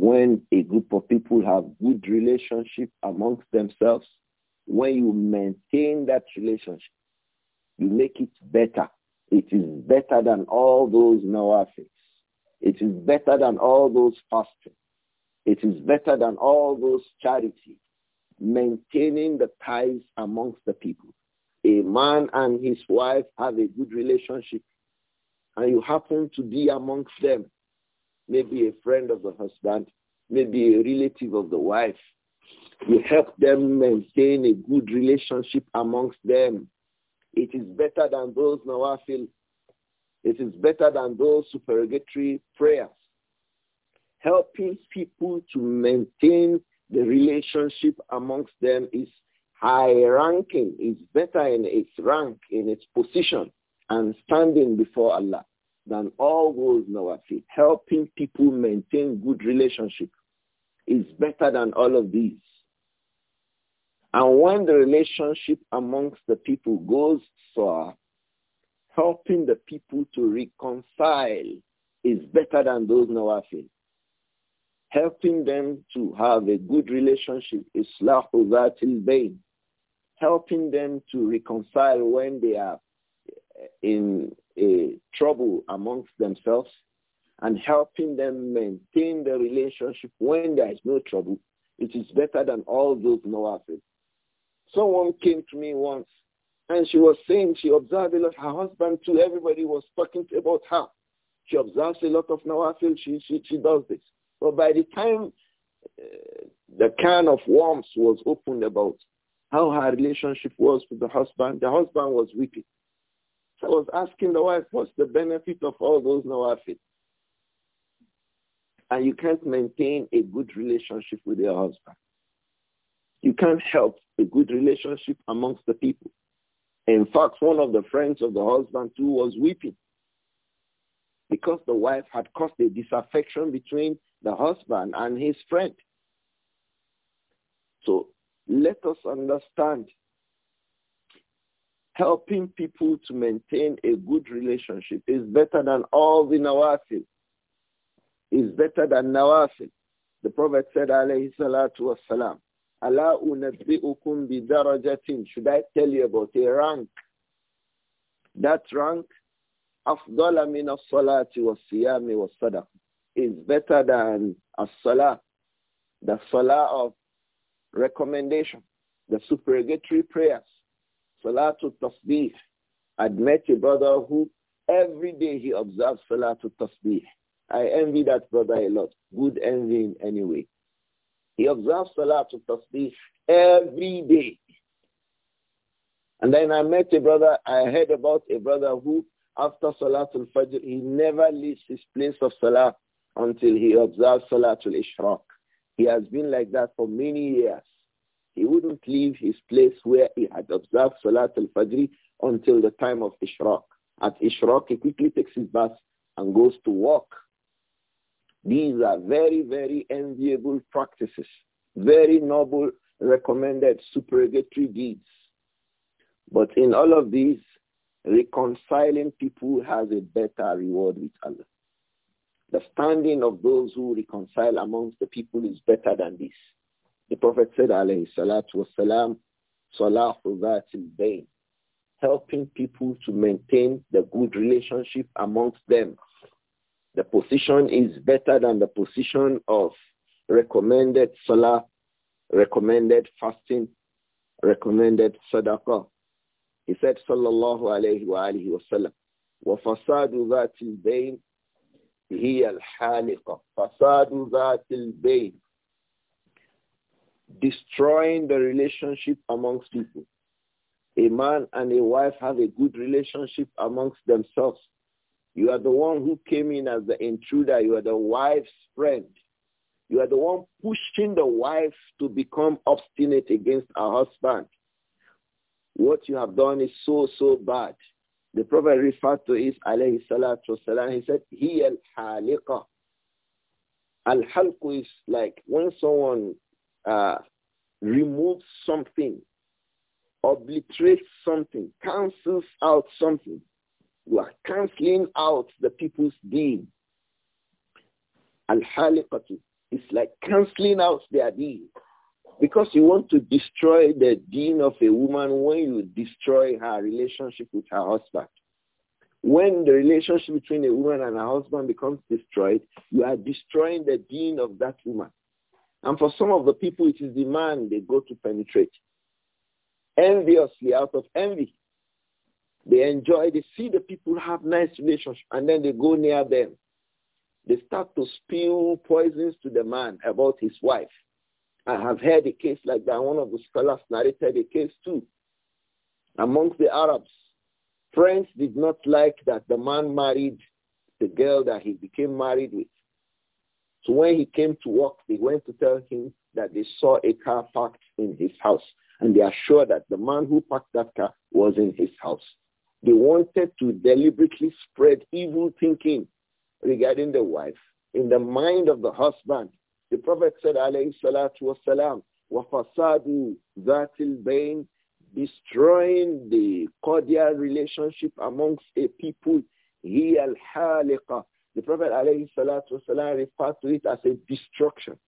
when a group of people have good relationship amongst themselves, when you maintain that relationship, you make it better. It is better than all those nawafis. It is better than all those fasting. It is better than all those charity. Maintaining the ties amongst the people. A man and his wife have a good relationship and you happen to be amongst them maybe a friend of the husband, maybe a relative of the wife. You help them maintain a good relationship amongst them. It is better than those nawafil. It is better than those supererogatory prayers. Helping people to maintain the relationship amongst them is high ranking, is better in its rank, in its position and standing before Allah than all those in our faith. Helping people maintain good relationship is better than all of these. And when the relationship amongst the people goes far, helping the people to reconcile is better than those in our faith. Helping them to have a good relationship is lahul bain. Helping them to reconcile when they are in a trouble amongst themselves and helping them maintain the relationship when there is no trouble, it is better than all those nawafil. Someone came to me once and she was saying she observed a lot. Her husband too, everybody was talking about her. She observes a lot of nawafil. She, she, she does this. But by the time uh, the can of worms was opened about how her relationship was with the husband, the husband was weeping. So I was asking the wife, what's the benefit of all those nawafil? And you can't maintain a good relationship with your husband. You can't help a good relationship amongst the people. In fact, one of the friends of the husband too was weeping because the wife had caused a disaffection between the husband and his friend. So let us understand helping people to maintain a good relationship is better than all the nawafil. Is better than nawafil. The Prophet said, alayhi salatu wassalam, Allah unabbi'ukum bidarajatin. Should I tell you about a rank? That rank, afdala min as-salati was-siyami Is better than as-salah. The salah of recommendation, the supererogatory prayers Salatul Tasbih. I'd met a brother who every day he observes Salatul Tasbih. I envy that brother a lot. Good envying anyway. He observes Salatul Tasbih every day. And then I met a brother, I heard about a brother who after Salatul Fajr, he never leaves his place of Salah until he observes Salatul Ishraq. He has been like that for many years. He wouldn't leave his place where he had observed Salat al-Fajr until the time of Ishraq. At Ishraq, he quickly takes his bath and goes to work. These are very, very enviable practices, very noble, recommended supererogatory deeds. But in all of these, reconciling people has a better reward with Allah. The standing of those who reconcile amongst the people is better than this. The Prophet said, alayhi salatu wasalam, salahu dhatil bayn, helping people to maintain the good relationship amongst them. The position is better than the position of recommended salah, recommended fasting, recommended sadaqah. He said, sallallahu alayhi wa alihi wa fasadu وَفَسَادُ ذَاتِ الْبَيْنِ al الْحَالِقَةِ فَسَادُ ذَاتِ الْبَيْنِ destroying the relationship amongst people. A man and a wife have a good relationship amongst themselves. You are the one who came in as the intruder. You are the wife's friend. You are the one pushing the wife to become obstinate against her husband. What you have done is so, so bad. The Prophet referred to it, alayhi salatu wasalam, he said, he al-haliqa. Al-halqu is like when someone uh, remove something, obliterate something, cancels out something. You are canceling out the people's being. Al-Haliqatu is like canceling out their being Because you want to destroy the being of a woman when you destroy her relationship with her husband when the relationship between a woman and her husband becomes destroyed, you are destroying the deen of that woman. And for some of the people, it is the man they go to penetrate. Enviously, out of envy. They enjoy, they see the people have nice relations, and then they go near them. They start to spew poisons to the man about his wife. I have heard a case like that. One of the scholars narrated a case too. Amongst the Arabs, friends did not like that the man married the girl that he became married with. So when he came to work, they went to tell him that they saw a car parked in his house. And they are sure that the man who parked that car was in his house. They wanted to deliberately spread evil thinking regarding the wife in the mind of the husband. The Prophet said, alayhi salatu wasalam, wafasadu dhatil bain, destroying the cordial relationship amongst a people, he al the Prophet alayhi salatu referred to it as a destruction.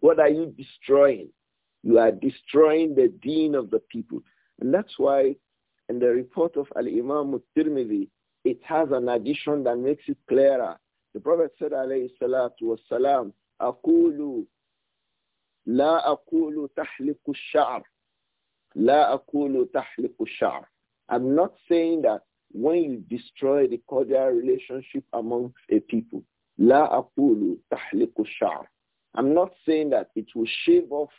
What are you destroying? You are destroying the deen of the people. And that's why in the report of Al-Imam Tirmidhi, it has an addition that makes it clearer. The Prophet said alayhi salatu wasalam, أقول لا أقول تحلق الشعر لا أقول تحلق الشعر I'm not saying that when you destroy the cordial relationship among a people. La aqulu tahliku shar. I'm not saying that it will shave off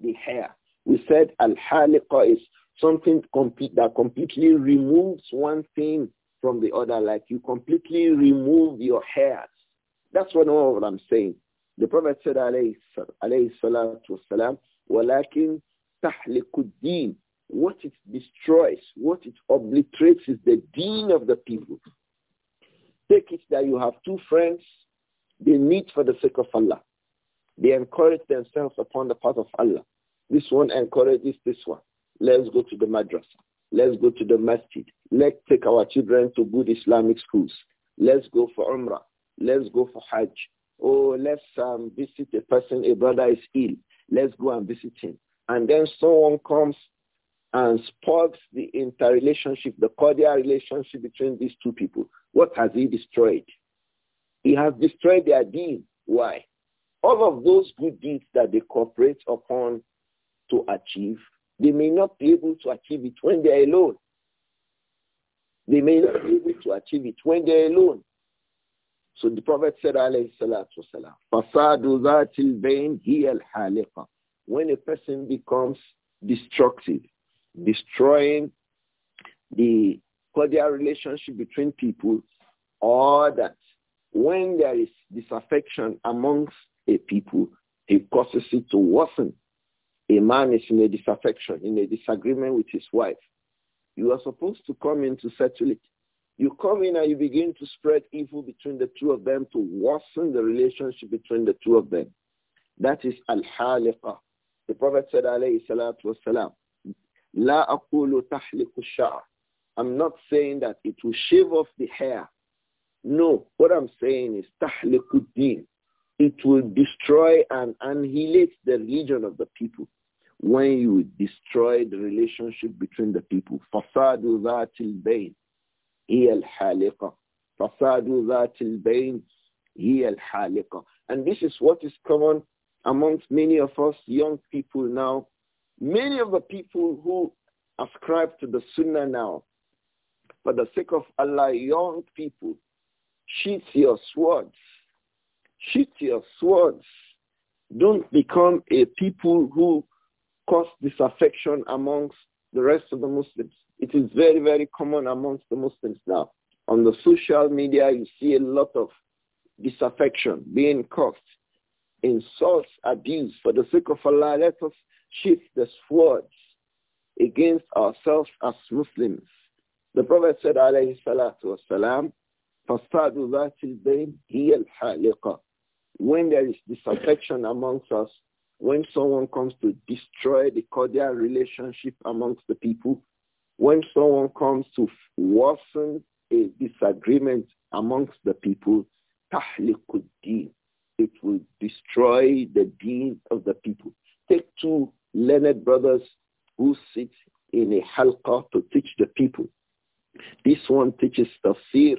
the hair. We said al-haliqa is something complete, that completely removes one thing from the other, like you completely remove your hairs. That's what, what I'm saying. The Prophet said, alayhi salatu wasalam, وَلَكِنْ تَحْلِقُ الدِّينِ what it destroys, what it obliterates is the dean of the people. Take it that you have two friends, they meet for the sake of Allah. They encourage themselves upon the path of Allah. This one encourages this one. Let's go to the madrasa. Let's go to the masjid. Let's take our children to good Islamic schools. Let's go for Umrah. Let's go for Hajj. Or oh, let's um, visit a person, a brother is ill. Let's go and visit him. And then someone comes and spoils the interrelationship, the cordial relationship between these two people. What has he destroyed? He has destroyed their deed. Why? All of those good deeds that they cooperate upon to achieve, they may not be able to achieve it when they are alone. They may not be able to achieve it when they are alone. So the Prophet said, alayhi salatu wasalam, فَصَادُ ذَاتِ الْبَيْنِ هِيَ الْحَالِقَةِ When a person becomes destructive, destroying the cordial relationship between people or that when there is disaffection amongst a people, it causes it to worsen. A man is in a disaffection, in a disagreement with his wife. You are supposed to come in to settle it. You come in and you begin to spread evil between the two of them to worsen the relationship between the two of them. That is al-halifa. The Prophet said, alayhi salatu wasalam, I'm not saying that it will shave off the hair. No, what I'm saying is tahliku din. It will destroy and annihilate the religion of the people when you destroy the relationship between the people. فَسَادُ ذَاتِ الْبَيْنِ هِيَ الْحَالِقَةِ فَسَادُ ذَاتِ الْبَيْنِ هِيَ الْحَالِقَةِ And this is what is common amongst many of us young people now Many of the people who ascribe to the Sunnah now, for the sake of Allah, young people, sheath your swords. Sheath your swords. Don't become a people who cause disaffection amongst the rest of the Muslims. It is very, very common amongst the Muslims now. On the social media, you see a lot of disaffection being caused, insults, abuse. For the sake of Allah, let us sheath the swords against ourselves as Muslims. The Prophet said, alayhi salatu wasalam, when there is disaffection amongst us, when someone comes to destroy the cordial relationship amongst the people, when someone comes to worsen a disagreement amongst the people, tahlikud it will destroy the deeds of the people. Take two learned brothers who sit in a halqa to teach the people. This one teaches tafsir.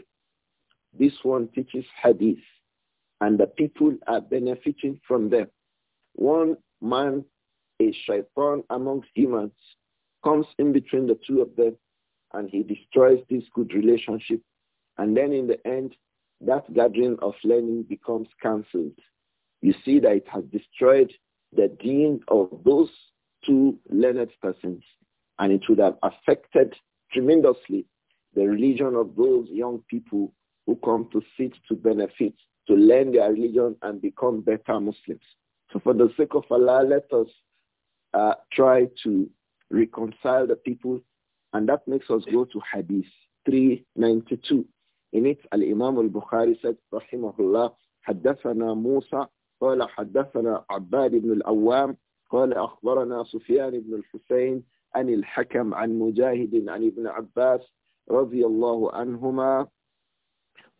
This one teaches hadith. And the people are benefiting from them. One man, a shaitan amongst humans, comes in between the two of them and he destroys this good relationship. And then in the end, that gathering of learning becomes cancelled. You see that it has destroyed the dean of those two learned persons, and it would have affected tremendously the religion of those young people who come to seek to benefit, to learn their religion and become better Muslims. So for the sake of Allah, let us uh, try to reconcile the people. And that makes us go to Hadith 392. In it, Al-Imam al-Bukhari said, Rahimahullah, حدثنا موسى قال حدثنا عباد بن الأوام قال أخبرنا سفيان بن الحسين عن الحكم عن مجاهد عن ابن عباس رضي الله عنهما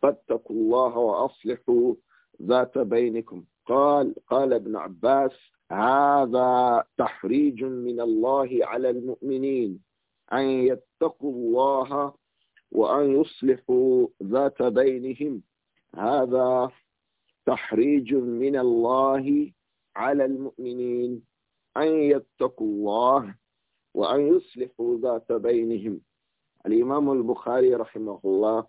فاتقوا الله وأصلحوا ذات بينكم قال قال ابن عباس هذا تحريج من الله على المؤمنين أن يتقوا الله وأن يصلحوا ذات بينهم هذا تحريج من الله على المؤمنين أن يتقوا الله وأن يصلحوا ذات بينهم الإمام البخاري رحمه الله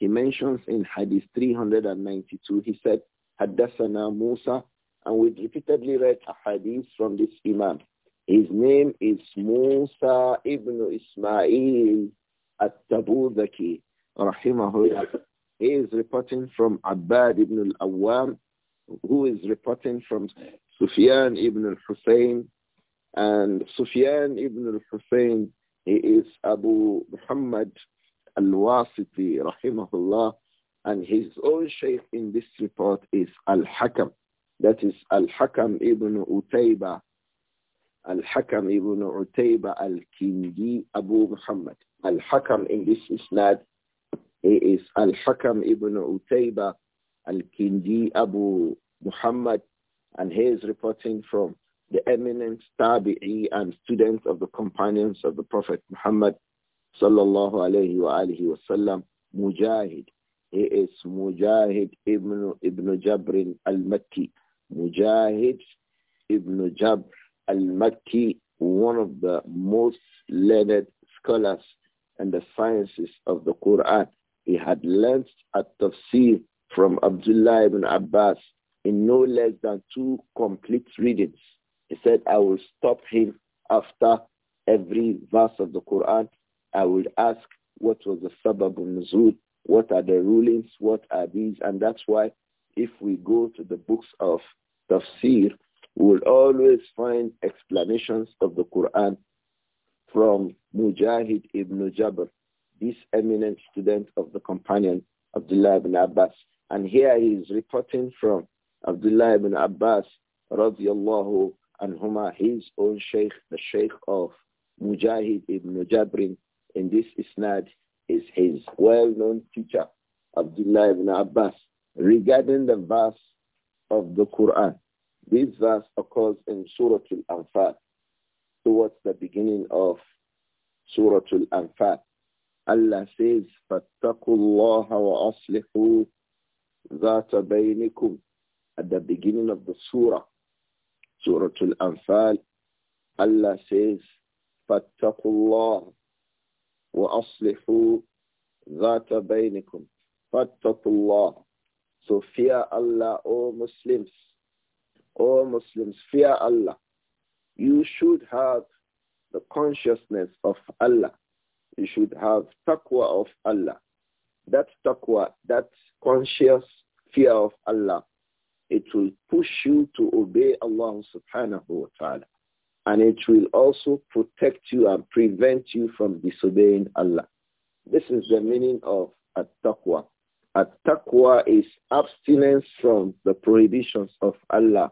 he mentions in hadith 392 he said حدثنا موسى and we repeatedly read a hadith from this imam his name is موسى ابن إسماعيل التبوذكي رحمه الله He is reporting from Abad ibn al-Awwam, who is reporting from Sufyan ibn al-Hussein. And Sufyan ibn al-Hussein, he is Abu Muhammad al-Wasiti, rahimahullah. And his own shaykh in this report is al-Hakam. That is al-Hakam ibn Utayba. Al-Hakam ibn Utayba al-Kindi, Abu Muhammad. Al-Hakam in this isnad he is Al-Hakam ibn Utayba Al-Kindi Abu Muhammad and he is reporting from the eminent Tabi'i and student of the companions of the Prophet Muhammad sallallahu alayhi wa alihi wasallam, Mujahid. He is Mujahid ibn, ibn Jabrin al-Makki. Mujahid ibn Jabr al-Makki, one of the most learned scholars and the sciences of the Quran. He had learnt at-tafsir from Abdullah ibn Abbas in no less than two complete readings. He said, I will stop him after every verse of the Quran. I will ask what was the sabab nuzul, what are the rulings, what are these, and that's why if we go to the books of tafsir, we'll always find explanations of the Quran from Mujahid ibn Jabr, this eminent student of the companion, Abdullah ibn Abbas. And here he is reporting from Abdullah ibn Abbas, radiallahu anhuma, his own sheikh, the sheikh of Mujahid ibn Jabrin. In this isnad is his well-known teacher, Abdullah ibn Abbas, regarding the verse of the Quran. This verse occurs in Surah Al-Anfal towards the beginning of Surah Al-Anfal. Allah says, فَاتَّقُوا اللَّهَ وَأَصْلِحُوا ذَاتَ بَيْنِكُمْ At the beginning of the surah, Surah Al-Anfal, Allah says, فَاتَّقُوا اللَّهَ وَأَصْلِحُوا ذَاتَ بَيْنِكُمْ فَاتَّقُوا اللَّهَ So fear Allah, O Muslims. O Muslims, fear Allah. You should have the consciousness of Allah you should have taqwa of Allah. That taqwa, that conscious fear of Allah, it will push you to obey Allah subhanahu wa ta'ala. And it will also protect you and prevent you from disobeying Allah. This is the meaning of taqwa taqwa is abstinence from the prohibitions of Allah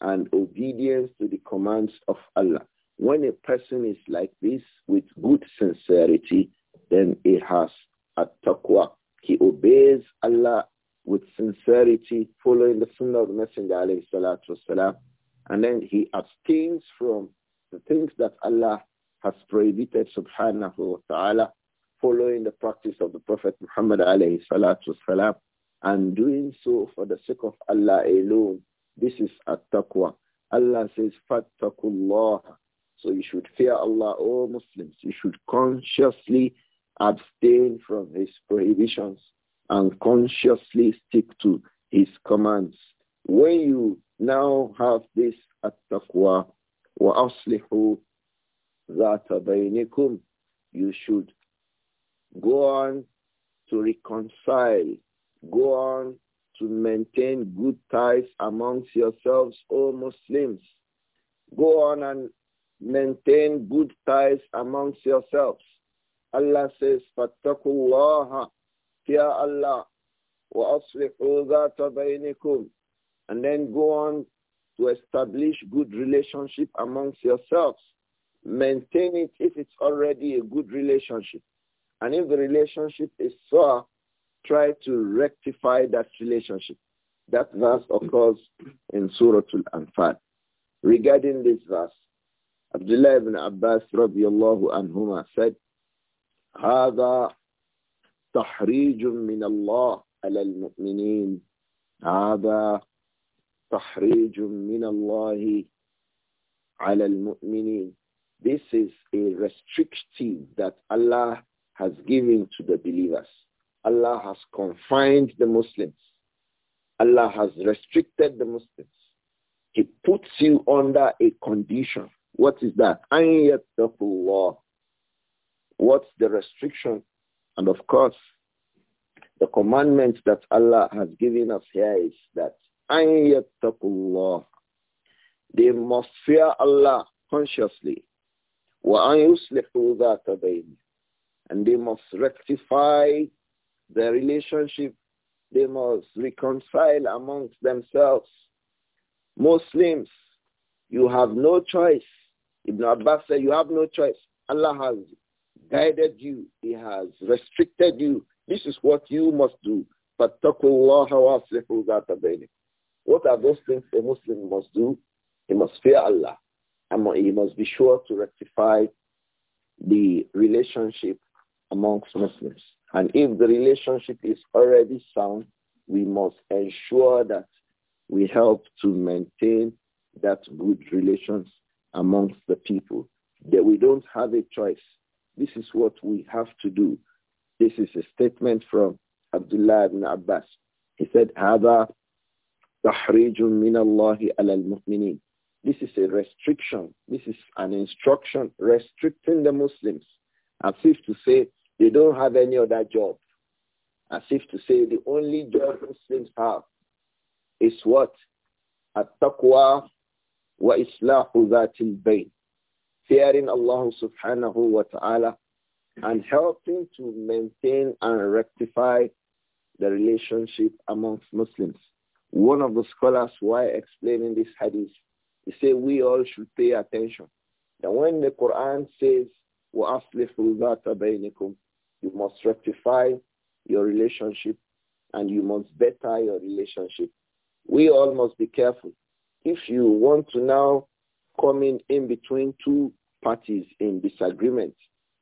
and obedience to the commands of Allah. When a person is like this with good sincerity, then he has at-taqwa. He obeys Allah with sincerity, following the sunnah of the Messenger alayhi salatu wasalam, and then he abstains from the things that Allah has prohibited subhanahu wa ta'ala, following the practice of the Prophet Muhammad alayhi salatu wasalam, and doing so for the sake of Allah alone. This is at-taqwa. Allah says, فَاتَّقُوا اللَّهَ so you should fear Allah, all Muslims. You should consciously abstain from his prohibitions and consciously stick to his commands. When you now have this at-taqwa wa aslihu ذات you should go on to reconcile, go on to maintain good ties amongst yourselves, all Muslims. Go on and Maintain good ties amongst yourselves. Allah says, فَاتَّقُوا اللَّهَ Fear Allah. wa ذَاتَ بَيْنِكُمْ And then go on to establish good relationship amongst yourselves. Maintain it if it's already a good relationship. And if the relationship is sour, try to rectify that relationship. That verse occurs in Surah Al-Anfal. Regarding this verse, Abdullah ibn Abbas radiallahu anhuma said, هذا تحريج من الله على المؤمنين هذا تحريج من الله على المؤمنين This is a restrictive that Allah has given to the believers. Allah has confined the Muslims. Allah has restricted the Muslims. He puts you under a condition. What is that? law. What's the restriction? And of course, the commandment that Allah has given us here is that law. They must fear Allah consciously. وَأَنْ يُصْلِحُوا ذَاتَ بَيْنِ And they must rectify the relationship. They must reconcile amongst themselves. Muslims, you have no choice Ibn Abbas said, you have no choice. Allah has guided you. He has restricted you. This is what you must do. What are those things a Muslim must do? He must fear Allah. And he must be sure to rectify the relationship amongst Muslims. And if the relationship is already sound, we must ensure that we help to maintain that good relations amongst the people, that we don't have a choice. This is what we have to do. This is a statement from Abdullah ibn Abbas. He said, This is a restriction. This is an instruction restricting the Muslims as if to say they don't have any other job. As if to say the only job Muslims have is what? At-taqwa وَإِصْلَاحُ ذَاتِ الْبَيْنِ Fearing Allah subhanahu wa ta'ala and helping to maintain and rectify the relationship amongst Muslims. One of the scholars, while explaining this hadith, he said we all should pay attention. That when the Quran says, وَأَصْلِحُوا ذَاتَ بَيْنِكُمْ You must rectify your relationship and you must better your relationship. We all must be careful if you want to now come in, in between two parties in disagreement,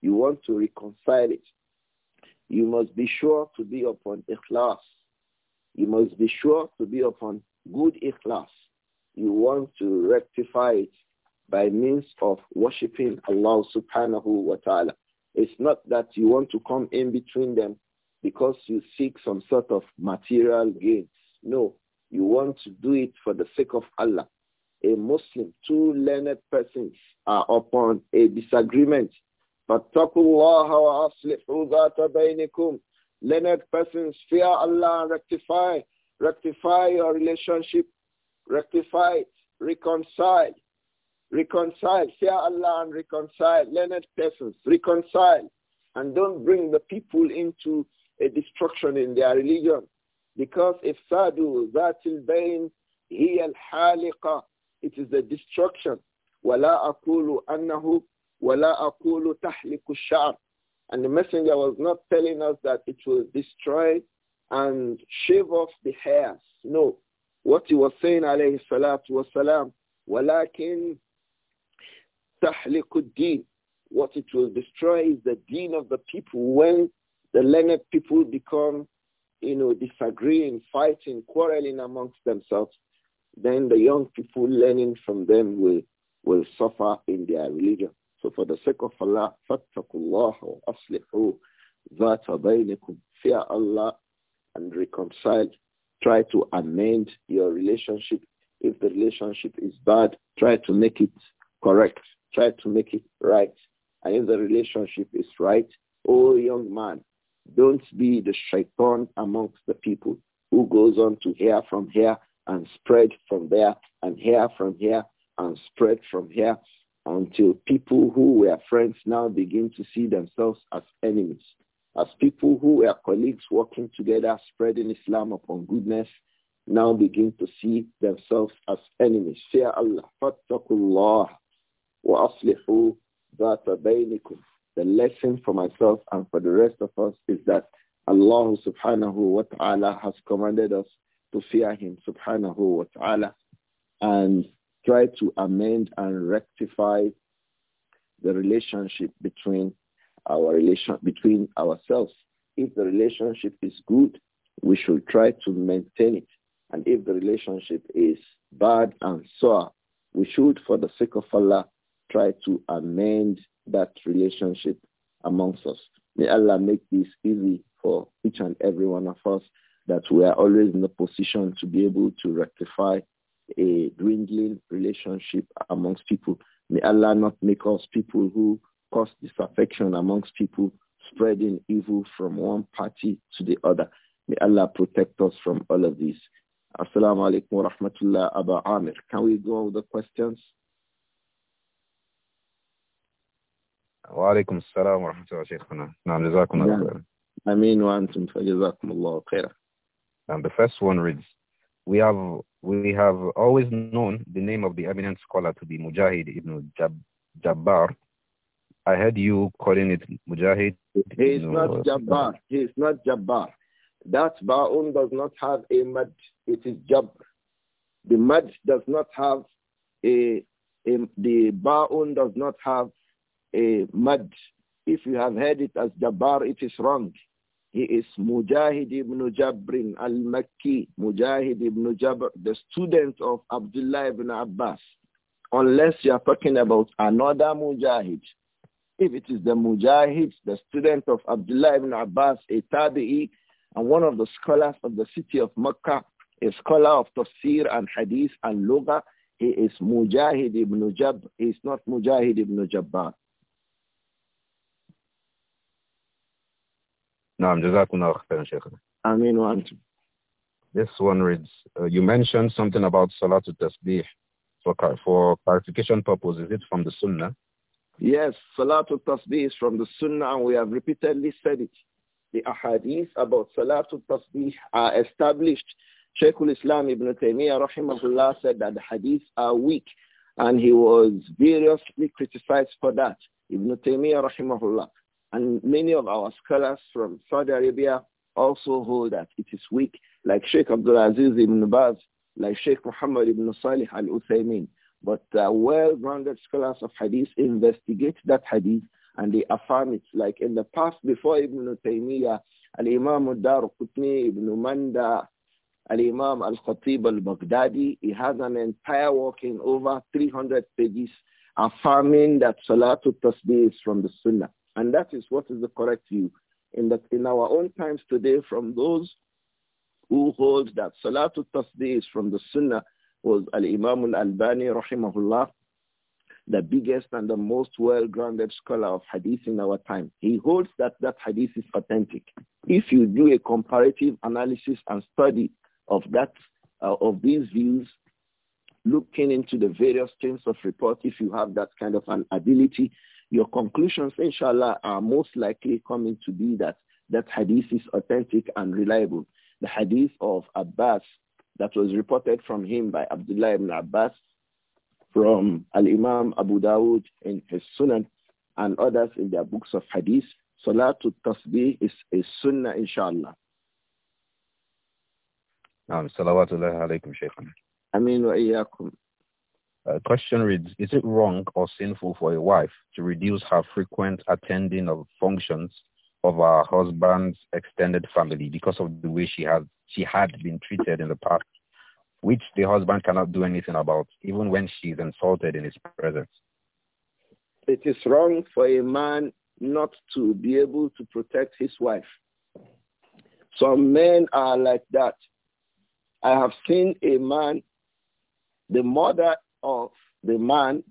you want to reconcile it, you must be sure to be upon ikhlas. You must be sure to be upon good ikhlas. You want to rectify it by means of worshipping Allah subhanahu wa ta'ala. It's not that you want to come in between them because you seek some sort of material gains. No, you want to do it for the sake of Allah. A Muslim, two learned persons are upon a disagreement. Learned persons, fear Allah and rectify. Rectify your relationship. Rectify it. Reconcile. Reconcile. Fear Allah and reconcile. Learned persons, reconcile. And don't bring the people into a destruction in their religion. Because if ifsadu zatil bain hiya al-haliqa. It is the destruction. وَلَا أَقُولُ أَنَّهُ وَلَا أَقُولُ تَحْلِكُ الشَّعْرِ And the messenger was not telling us that it will destroy and shave off the hairs. No. What he was saying, alayhi salatu wasalam, وَلَكِنْ تَحْلِكُ الدِّينِ What it will destroy is the deen of the people when the learned people become you know, disagreeing, fighting, quarreling amongst themselves, then the young people learning from them will, will suffer in their religion. So for the sake of Allah, فَاتَّقُوا اللَّهَ وَأَصْلِحُوا ذَاتَ بَيْنِكُمْ Fear Allah and reconcile. Try to amend your relationship. If the relationship is bad, try to make it correct. Try to make it right. And if the relationship is right, oh young man, don't be the shaitan amongst the people who goes on to hear from here and spread from there and hear from here and spread from here until people who were friends now begin to see themselves as enemies. As people who were colleagues working together spreading Islam upon goodness now begin to see themselves as enemies. Fear Allah. فَاتَّقُوا wa وَأَصْلِحُوا the lesson for myself and for the rest of us is that Allah subhanahu wa ta'ala has commanded us to fear him subhanahu wa ta'ala and try to amend and rectify the relationship between our relation between ourselves. If the relationship is good, we should try to maintain it. And if the relationship is bad and sour, we should, for the sake of Allah, try to amend that relationship amongst us. May Allah make this easy for each and every one of us that we are always in the position to be able to rectify a dwindling relationship amongst people. May Allah not make us people who cause disaffection amongst people, spreading evil from one party to the other. May Allah protect us from all of this. Assalamu alaikum wa rahmatullah Aba Amir. Can we go on with the questions? وعليكم السلام ورحمة الله شيخنا نعم جزاكم الله خيرا أمين وأنتم فجزاكم الله خيرا And the first one reads, we have, we have always known the name of the eminent scholar to be Mujahid ibn Jab, Jabbar. I heard you calling it Mujahid. He is not Jabbar. He is not Jabbar. That Ba'un does not have a mad. It is Jabr. The mad does not have a, a the Ba'un does not have a mad. If you have heard it as Jabbar, it is wrong. He is Mujahid ibn Jabrin al-Makki, Mujahid ibn Jabr, the student of Abdullah ibn Abbas. Unless you are talking about another Mujahid. If it is the Mujahid, the student of Abdullah ibn Abbas, a Tabi'i, and one of the scholars of the city of Mecca, a scholar of Tafsir and Hadith and Loga, he is Mujahid ibn Jabr. He is not Mujahid ibn Jabbar. Naam, jazakumullah khairan, Sheikh. Ameen wa This one reads, uh, you mentioned something about Salatul Tasbih. For, for clarification purposes. is it from the Sunnah? Yes, Salatul Tasbih is from the Sunnah, and we have repeatedly said it. The ahadith about Salatul Tasbih are established. Sheikhul Islam Ibn Taymiyyah rahimahullah said that the hadiths are weak, and he was variously criticized for that. Ibn Taymiyyah rahimahullah. And many of our scholars from Saudi Arabia also hold that it is weak, like Sheikh Abdul Aziz ibn Baz, like Sheikh Muhammad ibn Salih al-Uthaymeen. But uh, well-grounded scholars of hadith investigate that hadith and they affirm it. Like in the past, before Ibn Taymiyyah, Al-Imam al-Dar Qutni, Ibn Manda, Al-Imam al-Khatib al-Baghdadi, he has an entire work in over 300 pages affirming that Salatul Tasbih is from the Sunnah. And that is what is the correct view. In, that in our own times today, from those who hold that Salatul Tasbih is from the Sunnah was Al-Imam Al-Albani, rahimahullah, the biggest and the most well-grounded scholar of hadith in our time. He holds that that hadith is authentic. If you do a comparative analysis and study of that, uh, of these views, looking into the various streams of report, if you have that kind of an ability, your conclusions, inshallah, are most likely coming to be that that hadith is authentic and reliable. The hadith of Abbas that was reported from him by Abdullah ibn Abbas from Al-Imam Abu Dawud in his Sunan and others in their books of hadith. Salatul Tasbih is a sunnah, inshallah. نعم صلوات الله عليكم شيخنا uh, question reads, is it wrong or sinful for a wife to reduce her frequent attending of functions of her husband's extended family because of the way she has she had been treated in the past, which the husband cannot do anything about, even when she is insulted in his presence? It is wrong for a man not to be able to protect his wife. Some men are like that. I have seen a man, the mother of the man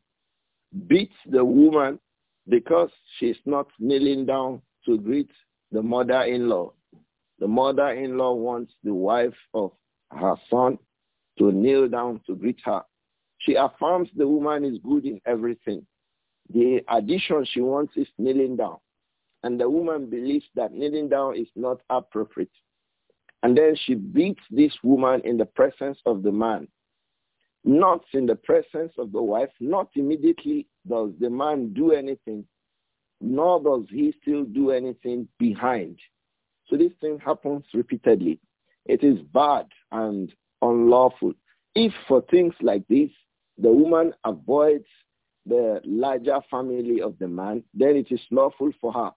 beats the woman because she's not kneeling down to greet the mother-in-law. The mother-in-law wants the wife of her son to kneel down to greet her. She affirms the woman is good in everything. The addition she wants is kneeling down. And the woman believes that kneeling down is not appropriate. And then she beats this woman in the presence of the man not in the presence of the wife, not immediately does the man do anything, nor does he still do anything behind. So this thing happens repeatedly. It is bad and unlawful. If for things like this, the woman avoids the larger family of the man, then it is lawful for her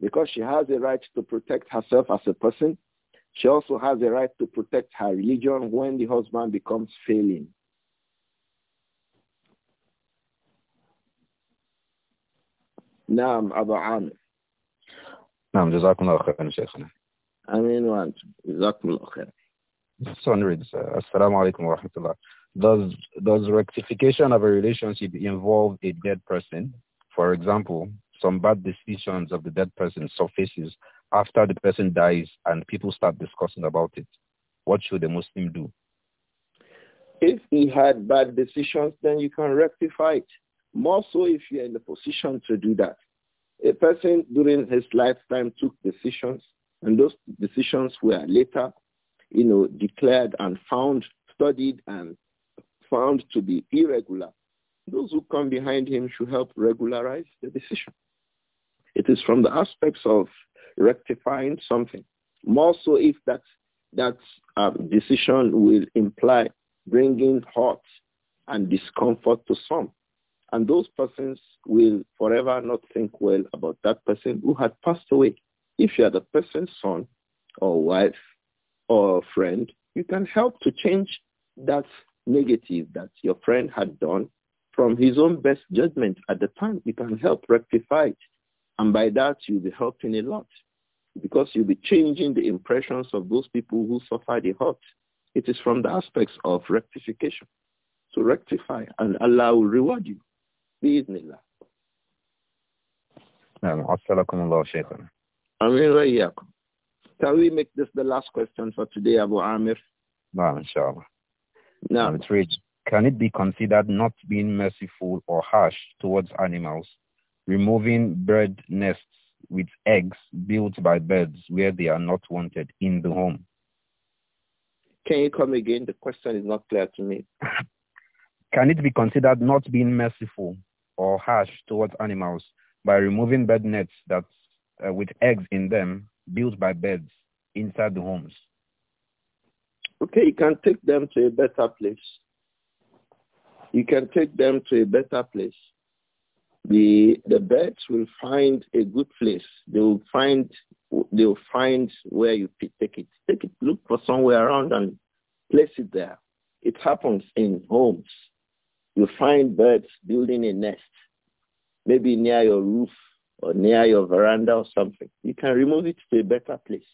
because she has a right to protect herself as a person. She also has a right to protect her religion when the husband becomes failing. Naam, Abu Amir. Naam, Jazakum Allah khairan, Shaykhana. Ameen wa Jazakum Allah khairan. This reads, uh, Assalamu alaikum wa rahmatullah. Does, does rectification of a relationship involve a dead person? For example, some bad decisions of the dead person surfaces after the person dies and people start discussing about it. What should a Muslim do? If he had bad decisions, then you can rectify it. More so if you're in the position to do that. A person during his lifetime took decisions, and those decisions were later, you know, declared and found, studied and found to be irregular. Those who come behind him should help regularize the decision. It is from the aspects of rectifying something, more so if that, that um, decision will imply bringing hurt and discomfort to some. And those persons will forever not think well about that person who had passed away. If you are the person's son or wife or friend, you can help to change that negative that your friend had done from his own best judgment at the time. You can help rectify it. And by that, you'll be helping a lot because you'll be changing the impressions of those people who suffer the hurt. It is from the aspects of rectification. So rectify and Allah will reward you. بإذن الله نعم عسلكم الله شيخنا أمين وإياكم Can we make this the last question for today, Abu Amir? No, inshallah. No. It reads, can it be considered not being merciful or harsh towards animals, removing bird nests with eggs built by birds where they are not wanted in the home? Can you come again? The question is not clear to me. can it be considered not being merciful or harsh towards animals by removing bed nets that, uh, with eggs in them built by birds inside the homes. Okay, you can take them to a better place. You can take them to a better place. The, the birds will find a good place. They will find they will find where you take it. Take it, look for somewhere around and place it there. It happens in homes. You find birds building a nest, maybe near your roof or near your veranda or something. You can remove it to a better place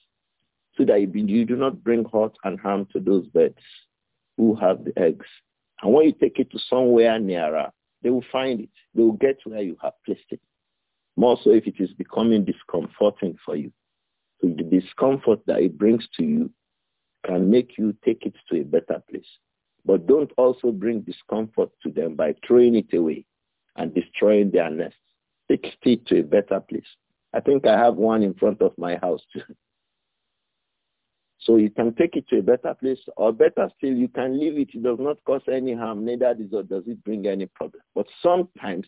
so that you do not bring hurt and harm to those birds who have the eggs. And when you take it to somewhere nearer, they will find it. They will get where you have placed it. More so if it is becoming discomforting for you. So the discomfort that it brings to you can make you take it to a better place. But don't also bring discomfort to them by throwing it away and destroying their nest. Take it to a better place. I think I have one in front of my house too. So you can take it to a better place, or better still, you can leave it. It does not cause any harm, neither does it bring any problem. But sometimes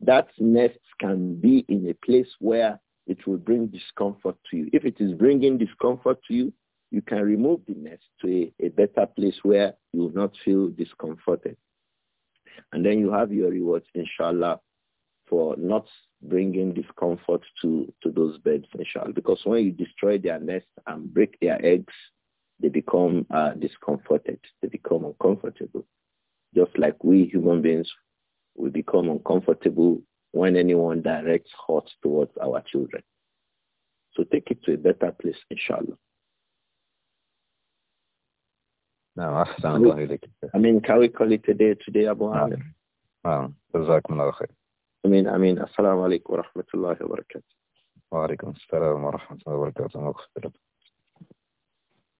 that nest can be in a place where it will bring discomfort to you. If it is bringing discomfort to you, you can remove the nest to a, a better place where you will not feel discomforted. And then you have your rewards, inshallah, for not bringing discomfort to, to those birds, inshallah. Because when you destroy their nest and break their eggs, they become uh, discomforted. They become uncomfortable. Just like we human beings, we become uncomfortable when anyone directs hurt towards our children. So take it to a better place, inshallah. I mean, can we call it today? today, Abu Amir? No. no. I mean, I mean, assalamu alaikum wa rahmatullahi wa barakatuh. Wa alaikum wa rahmatullahi wa barakatuh.